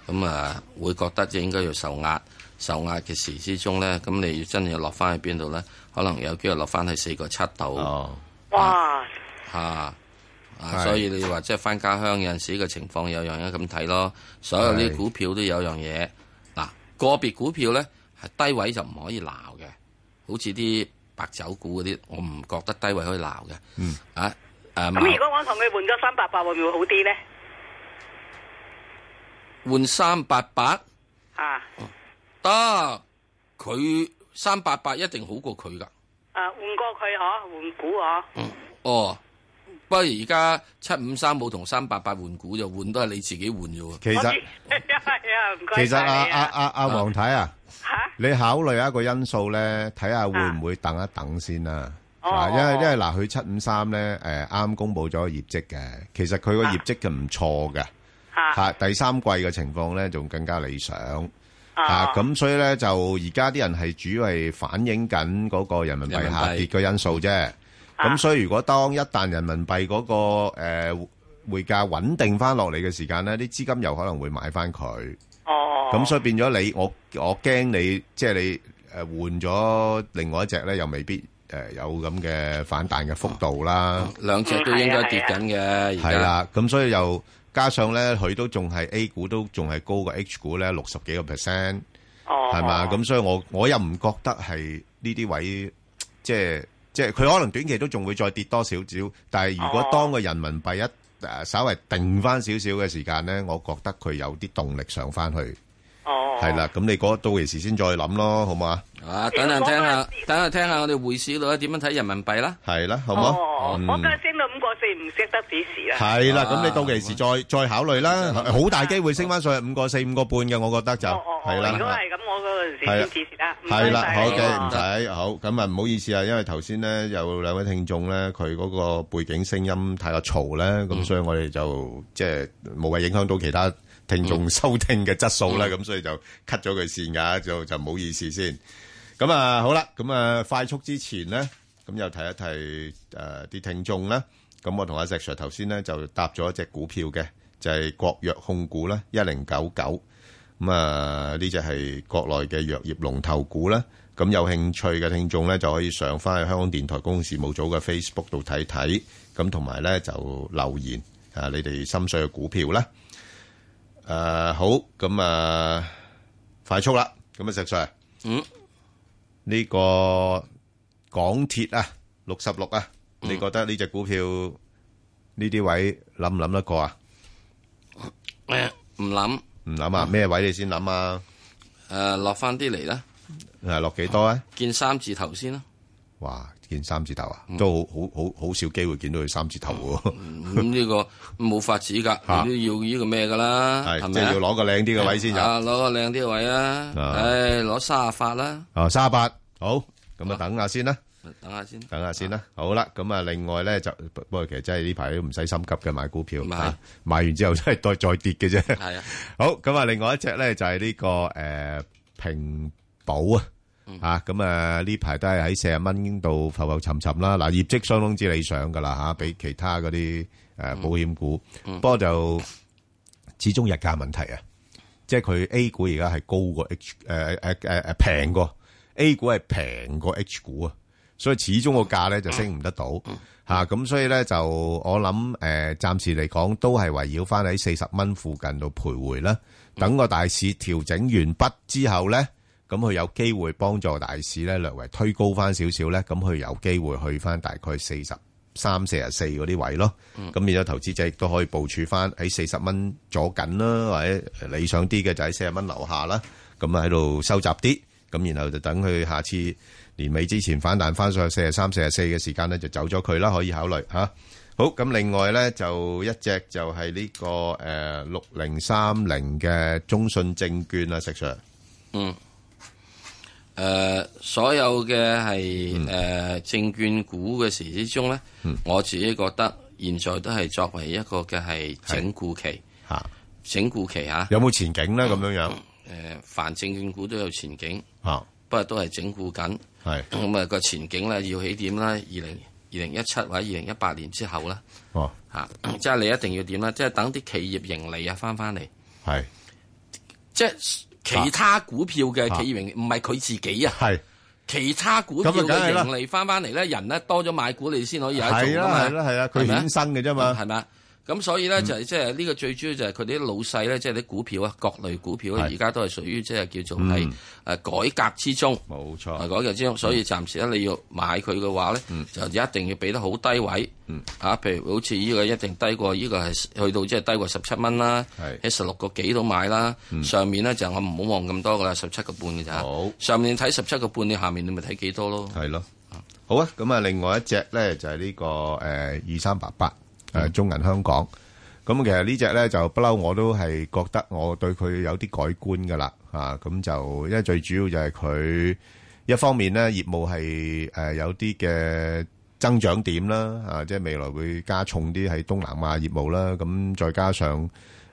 咁啊，會覺得就應該要受壓，受壓嘅時之中咧，咁你真要真係落翻去邊度咧？可能有機會落翻去四個七度。哦，哇！啊，啊所以你話即係翻家鄉有陣時個情況有樣嘢咁睇咯。所有啲股票都有樣嘢。嗱、啊，個別股票咧係低位就唔可以撈嘅，好似啲白酒股嗰啲，我唔覺得低位可以撈嘅。嗯。啊？咁、啊、如果我同佢換咗三百八會唔會好啲咧？換三八八啊，得佢三八八一定好過佢噶。誒，換過佢嗬，換股嗬。哦，不過而家七五三冇同三八八換股就換都係你自己換啫，其實 其實阿啊啊阿、啊啊、王太啊，啊你考慮一下個因素咧，睇下會唔會等一等先啦、啊啊。因為、啊、因為嗱，佢七五三咧誒啱公布咗業績嘅，其實佢個業績就唔錯嘅。啊吓，第三季嘅情況咧仲更加理想，吓咁所以咧就而家啲人係主要係反映緊嗰個人民幣下跌嘅因素啫。咁所以如果當一旦人民幣嗰個誒匯價穩定翻落嚟嘅時間咧，啲資金又可能會買翻佢。哦，咁所以變咗你我我驚你，即係你誒換咗另外一隻咧，又未必誒有咁嘅反彈嘅幅度啦。兩隻都應該跌緊嘅，而家係啦，咁所以又。加上咧，佢都仲係 A 股都仲係高過 H 股咧，六十幾個 percent，係嘛？咁所以我我又唔覺得係呢啲位，即係即係佢可能短期都仲會再跌多少少，但係如果當個人民幣一誒稍為定翻少少嘅時間咧，我覺得佢有啲動力上翻去，係啦。咁你嗰到時先再諗咯，好唔好啊？啊，等下聽下，等下聽下我哋匯市佬點樣睇人民幣啦。係啦，好唔好？我跟住先。你唔識得幾時啊？係啦，咁你到期時再再考慮啦。好大機會升翻上去五個四、五個半嘅，我覺得就係啦。如果係咁，我嗰陣時點幾時啦？係啦，OK，唔使好咁啊。唔好意思啊，因為頭先咧有兩位聽眾咧，佢嗰個背景聲音太過嘈咧，咁所以我哋就即係無謂影響到其他聽眾收聽嘅質素啦。咁所以就 cut 咗佢線噶，就就唔好意思先咁啊。好啦，咁啊，快速之前咧，咁又睇一睇誒啲聽眾咧。咁我同阿石 Sir 頭先咧就搭咗一隻股票嘅，就係國藥控股啦，一零九九。咁啊，呢隻係國內嘅藥業龍頭股啦。咁有興趣嘅聽眾咧，就可以上返去香港電台公共事務組嘅 Facebook 度睇睇。咁同埋咧就留言啊，你哋心水嘅股票啦。誒好，咁啊快速啦。咁啊石 Sir，嗯，呢個港鐵啊，六十六啊。你覺得呢隻股票呢啲位諗唔諗得過啊？唔、呃、諗，唔諗啊？咩、嗯、位你先諗啊？誒、呃，落翻啲嚟啦。誒，落幾多啊、嗯？見三字頭先啦、啊、哇，見三字頭啊、嗯？都好，好，好，好，好少機會見到佢三字頭喎、啊！咁、嗯、呢、嗯嗯這個冇法子噶，都、 啊、要呢個咩噶啦？係、啊、即係要攞個靚啲嘅位先。啊，攞個靚啲位啊！誒、啊，攞、哎、三十八啦、啊。哦、啊，三十八，好，咁就等下先啦、啊。啊等下先，等下先啦。好啦，咁啊，另外咧就，不過其實真係呢排都唔使心急嘅，買股票吓，買完之後真係再再跌嘅啫。係啊，好咁啊，另外一隻咧就係呢個誒平保啊，吓咁啊，呢排都係喺四十蚊度浮浮沉沉啦。嗱，業績相當之理想噶啦吓，比其他嗰啲誒保險股，不過就始終日價問題啊，即係佢 A 股而家係高過 H 誒誒誒誒平過 A 股係平過 H 股啊。所以始終個價咧就升唔得到，吓、嗯、咁所以咧就我諗誒、呃，暫時嚟講都係圍繞翻喺四十蚊附近度徘徊啦。等個大市調整完畢之後咧，咁、嗯、佢有機會幫助大市咧略為推高翻少少咧，咁佢有機會去翻大概四十三四十四嗰啲位咯。咁而家投資者亦都可以部署翻喺四十蚊左近啦，或者理想啲嘅就喺四十蚊樓下啦，咁啊喺度收集啲，咁然後就等佢下次。年尾之前反彈翻上去四十三、四十四嘅時間咧，就走咗佢啦，可以考慮嚇。好咁，另外咧就一隻就係呢個誒六零三零嘅中信證券啊，石 Sir。嗯。誒，所有嘅係誒證券股嘅時之中咧，我自己覺得現在都係作為一個嘅係整固期嚇，整固期嚇，有冇前景咧？咁樣樣誒，凡證券股都有前景啊，不過都係整固緊。係，咁啊個前景咧要起點啦，二零二零一七或者二零一八年之後啦，哦，吓，即係你一定要點啦。即係等啲企業盈利啊翻翻嚟，係，即係其他股票嘅企業盈利，唔係佢自己啊，係，其他股票嘅盈利翻翻嚟咧，人咧多咗買股，你先可以係，係啦係啦係啊，佢衍、啊啊啊、生嘅啫嘛，係咪？是咁所以咧就係即係呢個最主要就係佢啲老細咧，即係啲股票啊，各類股票，而家都係屬於即係、就是、叫做係誒改革之中。冇錯，改革之中，所以暫時咧你要買佢嘅話咧、嗯，就一定要俾得好低位。嗯、啊譬如好似呢個一定低過呢、呢個係去到即係低過十七蚊啦，喺十六個幾度買啦、嗯。上面咧就是、我唔好望咁多噶啦，十七個半嘅咋。好上面睇十七個半，你下面你咪睇幾多咯。係咯，好啊。咁啊，另外一隻咧就係、是、呢、呢個誒二三八八。呃 2, 3, 8, 8誒中銀香港，咁其實呢隻咧就不嬲，我都係覺得我對佢有啲改觀㗎啦，咁就因為最主要就係佢一方面咧業務係誒有啲嘅增長點啦，啊，即係未來會加重啲喺東南亞業務啦，咁再加上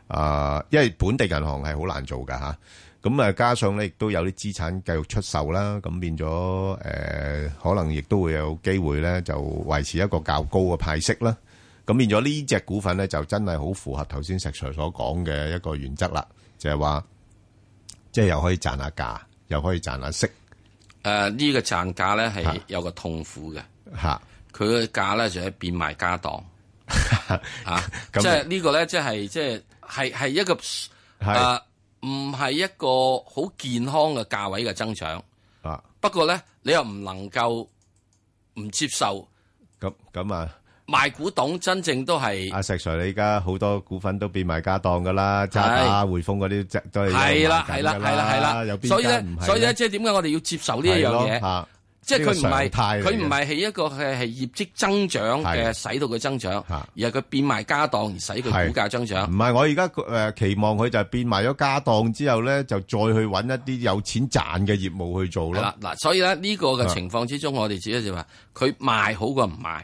啊，因為本地銀行係好難做㗎吓。咁啊加上咧亦都有啲資產繼續出售啦，咁變咗誒可能亦都會有機會咧就維持一個較高嘅派息啦。咁變咗呢隻股份咧，就真係好符合頭先石 sir 所講嘅一個原則啦，就係話，即係又可以賺下價，又可以賺下息。誒、呃、呢、這個賺價咧係有個痛苦嘅，吓，佢嘅價咧就係變賣家當 啊，即係呢個咧、就是，即係即係係係一個唔係、呃、一個好健康嘅價位嘅增長啊。不過咧，你又唔能夠唔接受。咁咁啊。賣古董真正都係阿石 Sir，你依家好多股份都變賣家當噶啦，渣打啊、匯豐嗰啲，即都係有啊，係啦係啦係啦係啦，有變價唔係，所以咧，所以咧，即係點解我哋要接受呢一樣嘢？即係佢唔係佢唔係喺一個係係業績增長嘅使到佢增長，而係佢變賣家當而使佢股價增長。唔係我而家誒期望佢就係變賣咗家當之後咧，就再去揾一啲有錢賺嘅業務去做咯。嗱，所以咧呢個嘅情況之中，我哋自己就話佢賣好過唔賣。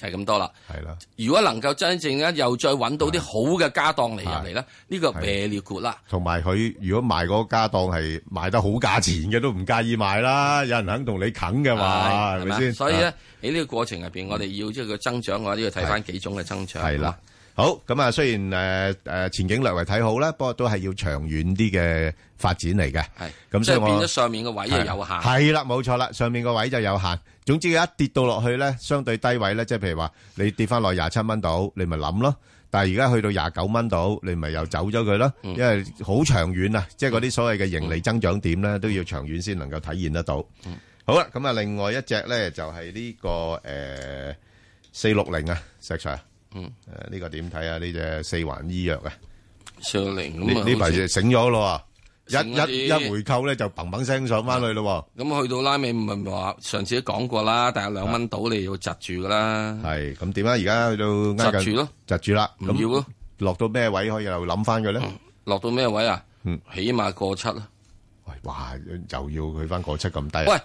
就係、是、咁多啦，係啦。如果能夠真正咧，又再揾到啲好嘅家當嚟入嚟咧，呢個 beauty good 啦。同埋佢如果賣嗰個家當係賣得好價錢嘅，都唔介意賣啦。有人肯同你啃嘅話，係咪先？所以咧喺呢個過程入面，我哋要即係個增長嘅話，都要睇翻幾種嘅增長。係啦。是。好咁啊，雖然誒誒前景略為睇好啦，不過都係要長遠啲嘅發展嚟嘅。係，咁所以我即係變咗上面個位係有限。係啦，冇錯啦，上面個位就有限。總之佢一跌到落去咧，相對低位咧，即係譬如話你跌翻落廿七蚊度，你咪諗咯。但係而家去到廿九蚊度，你咪又走咗佢咯。因為好長遠啊，即係嗰啲所謂嘅盈利增長點咧，都要長遠先能夠體現得到。好啦，咁啊，另外一隻咧就係呢個誒四六零啊，石材。嗯，誒，呢個點睇啊？呢隻四環醫藥嘅上零，呢呢排醒咗咯，一一一回購咧就砰砰聲上翻去咯。咁去到拉尾唔係話上次都講過啦，但係兩蚊到你要窒住噶啦。係咁點啊？而家去到窒住咯，窒住啦，唔要咯。落到咩位可以又諗翻佢咧？落到咩位啊？嗯，起碼過七啦。喂，哇，又要去翻過七咁低。喂，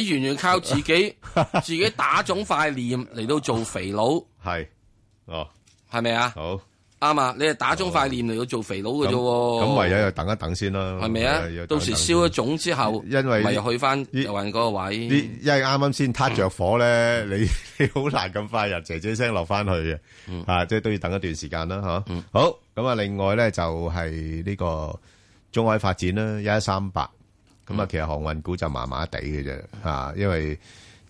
你完全靠自己，自己打腫塊面嚟到做肥佬，係。哦，係咪啊？好，啱啊！你係打中快鏈嚟要做肥佬嘅啫、啊，咁、哦、唯有又等一等先啦、啊。係咪啊等一等？到時燒咗腫之後，因為，因為去翻運嗰個位，呢因為啱啱先撻着火咧、嗯，你好難咁快入姐姐聲落翻去嘅、嗯，啊，即係都要等一段時間啦，吓。好，咁啊，另外咧就係、是、呢個中海發展啦，一一三八。咁啊，其實航運股就麻麻地嘅啫，吓、啊，因為。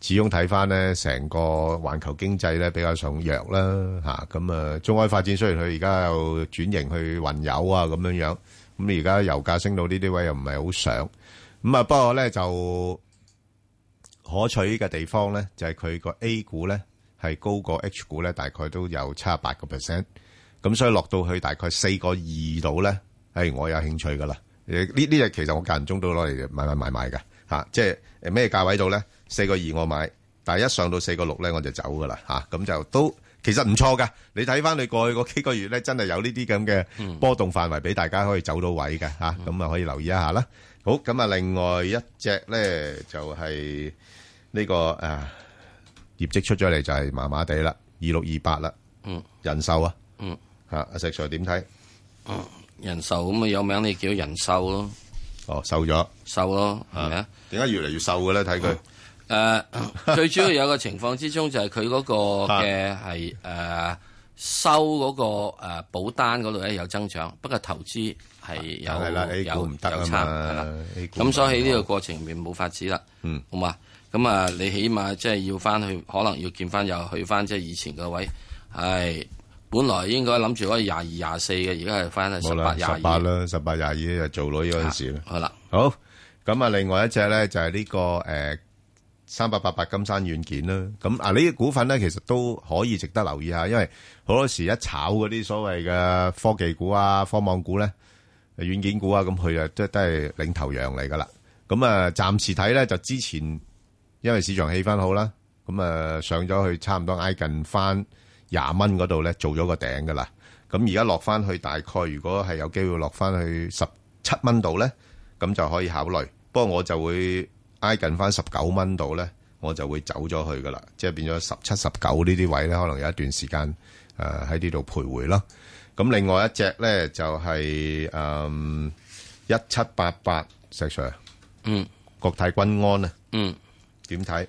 始終睇翻咧，成個環球經濟咧比較上弱啦。咁啊，中海發展雖然佢而家又轉型去運油啊，咁樣樣咁而家油價升到呢啲位又唔係好上咁啊。不過咧就可取嘅地方咧，就係佢個 A 股咧係高過 H 股咧，大概都有七啊八個 percent。咁所以落到去大概四個二度咧，係、哎、我有興趣噶啦。呢呢隻其實我間中都攞嚟買買買買嘅，即係誒咩價位度咧？四個二我買，但係一上到四個六咧，我就走噶啦吓，咁就都其實唔錯噶。你睇翻，你過去嗰幾個月咧，真係有呢啲咁嘅波動範圍俾大家可以走到位嘅吓，咁啊可以留意一下啦。好，咁啊另外一隻咧就係呢個誒業績出咗嚟就係麻麻地啦，二六二八啦，嗯，人壽啊，嗯，吓阿石 Sir 點睇？嗯，人壽咁啊有名，你叫人壽咯。哦，瘦咗，瘦咯，係咪啊？點解越嚟越瘦嘅咧？睇佢。誒、uh, 最主要有個情況之中就係佢嗰個嘅係誒收嗰、那個誒、uh, 保單嗰度咧有增長，不過投資係有、啊、有有差，咁、啊啊、所以呢個過程面冇法子啦。嗯，好嘛，咁啊你起碼即係要翻去，可能要見翻又去翻即係以前個位係本來應該諗住可以廿二廿四嘅，而家係翻去十八廿二。十八啦，十八廿二就做女呢陣時啦。好啦，好，咁啊另外一隻咧就係、是、呢、這個誒。呃三八八八金山軟件啦，咁啊呢個股份咧，其實都可以值得留意下，因為好多時一炒嗰啲所謂嘅科技股啊、科網股咧、軟件股啊，咁佢啊都都係領頭羊嚟噶啦。咁啊，暫時睇咧就之前，因為市場氣氛好啦，咁啊上咗去差唔多挨近翻廿蚊嗰度咧，做咗個頂噶啦。咁而家落翻去大概，如果係有機會落翻去十七蚊度咧，咁就可以考慮。不過我就會，挨近翻十九蚊度咧，我就會走咗去噶啦。即係變咗十七、十九呢啲位咧，可能有一段時間誒喺呢度徘徊咯。咁另外一隻咧就係誒一七八八石 Sir，嗯，國泰君安咧，嗯，點睇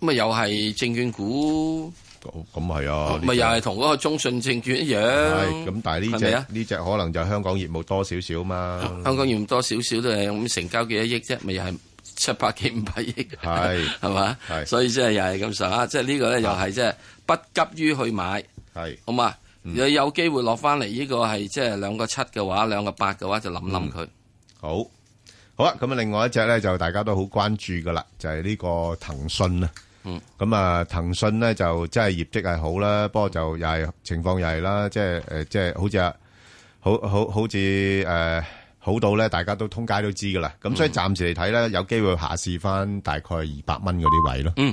咁啊？又係證券股，咁咁係啊，咪又係同嗰個中信證券一樣係咁，但係呢隻呢隻可能就香港業務多少少嘛。香港業務多少少都係咁成交幾多億啫，咪又係。七百幾五百億，係係嘛？係， 所以即係又係咁實啊！即係呢個咧又係即係不急於去買，係好如果、嗯、有機會落翻嚟呢個係即係兩個七嘅話，兩個八嘅話就諗諗佢。好好啦，咁啊，另外一隻咧就大家都好關注噶啦，就係、是、呢個騰訊啊。嗯，咁啊騰訊咧就真係業績係好啦，不過就又係、嗯、情況又係啦，即係誒即係好似啊，好好好似誒。好好到咧，大家都通街都知噶啦，咁所以暫時嚟睇咧，有機會下試返大概二百蚊嗰啲位咯。嗯。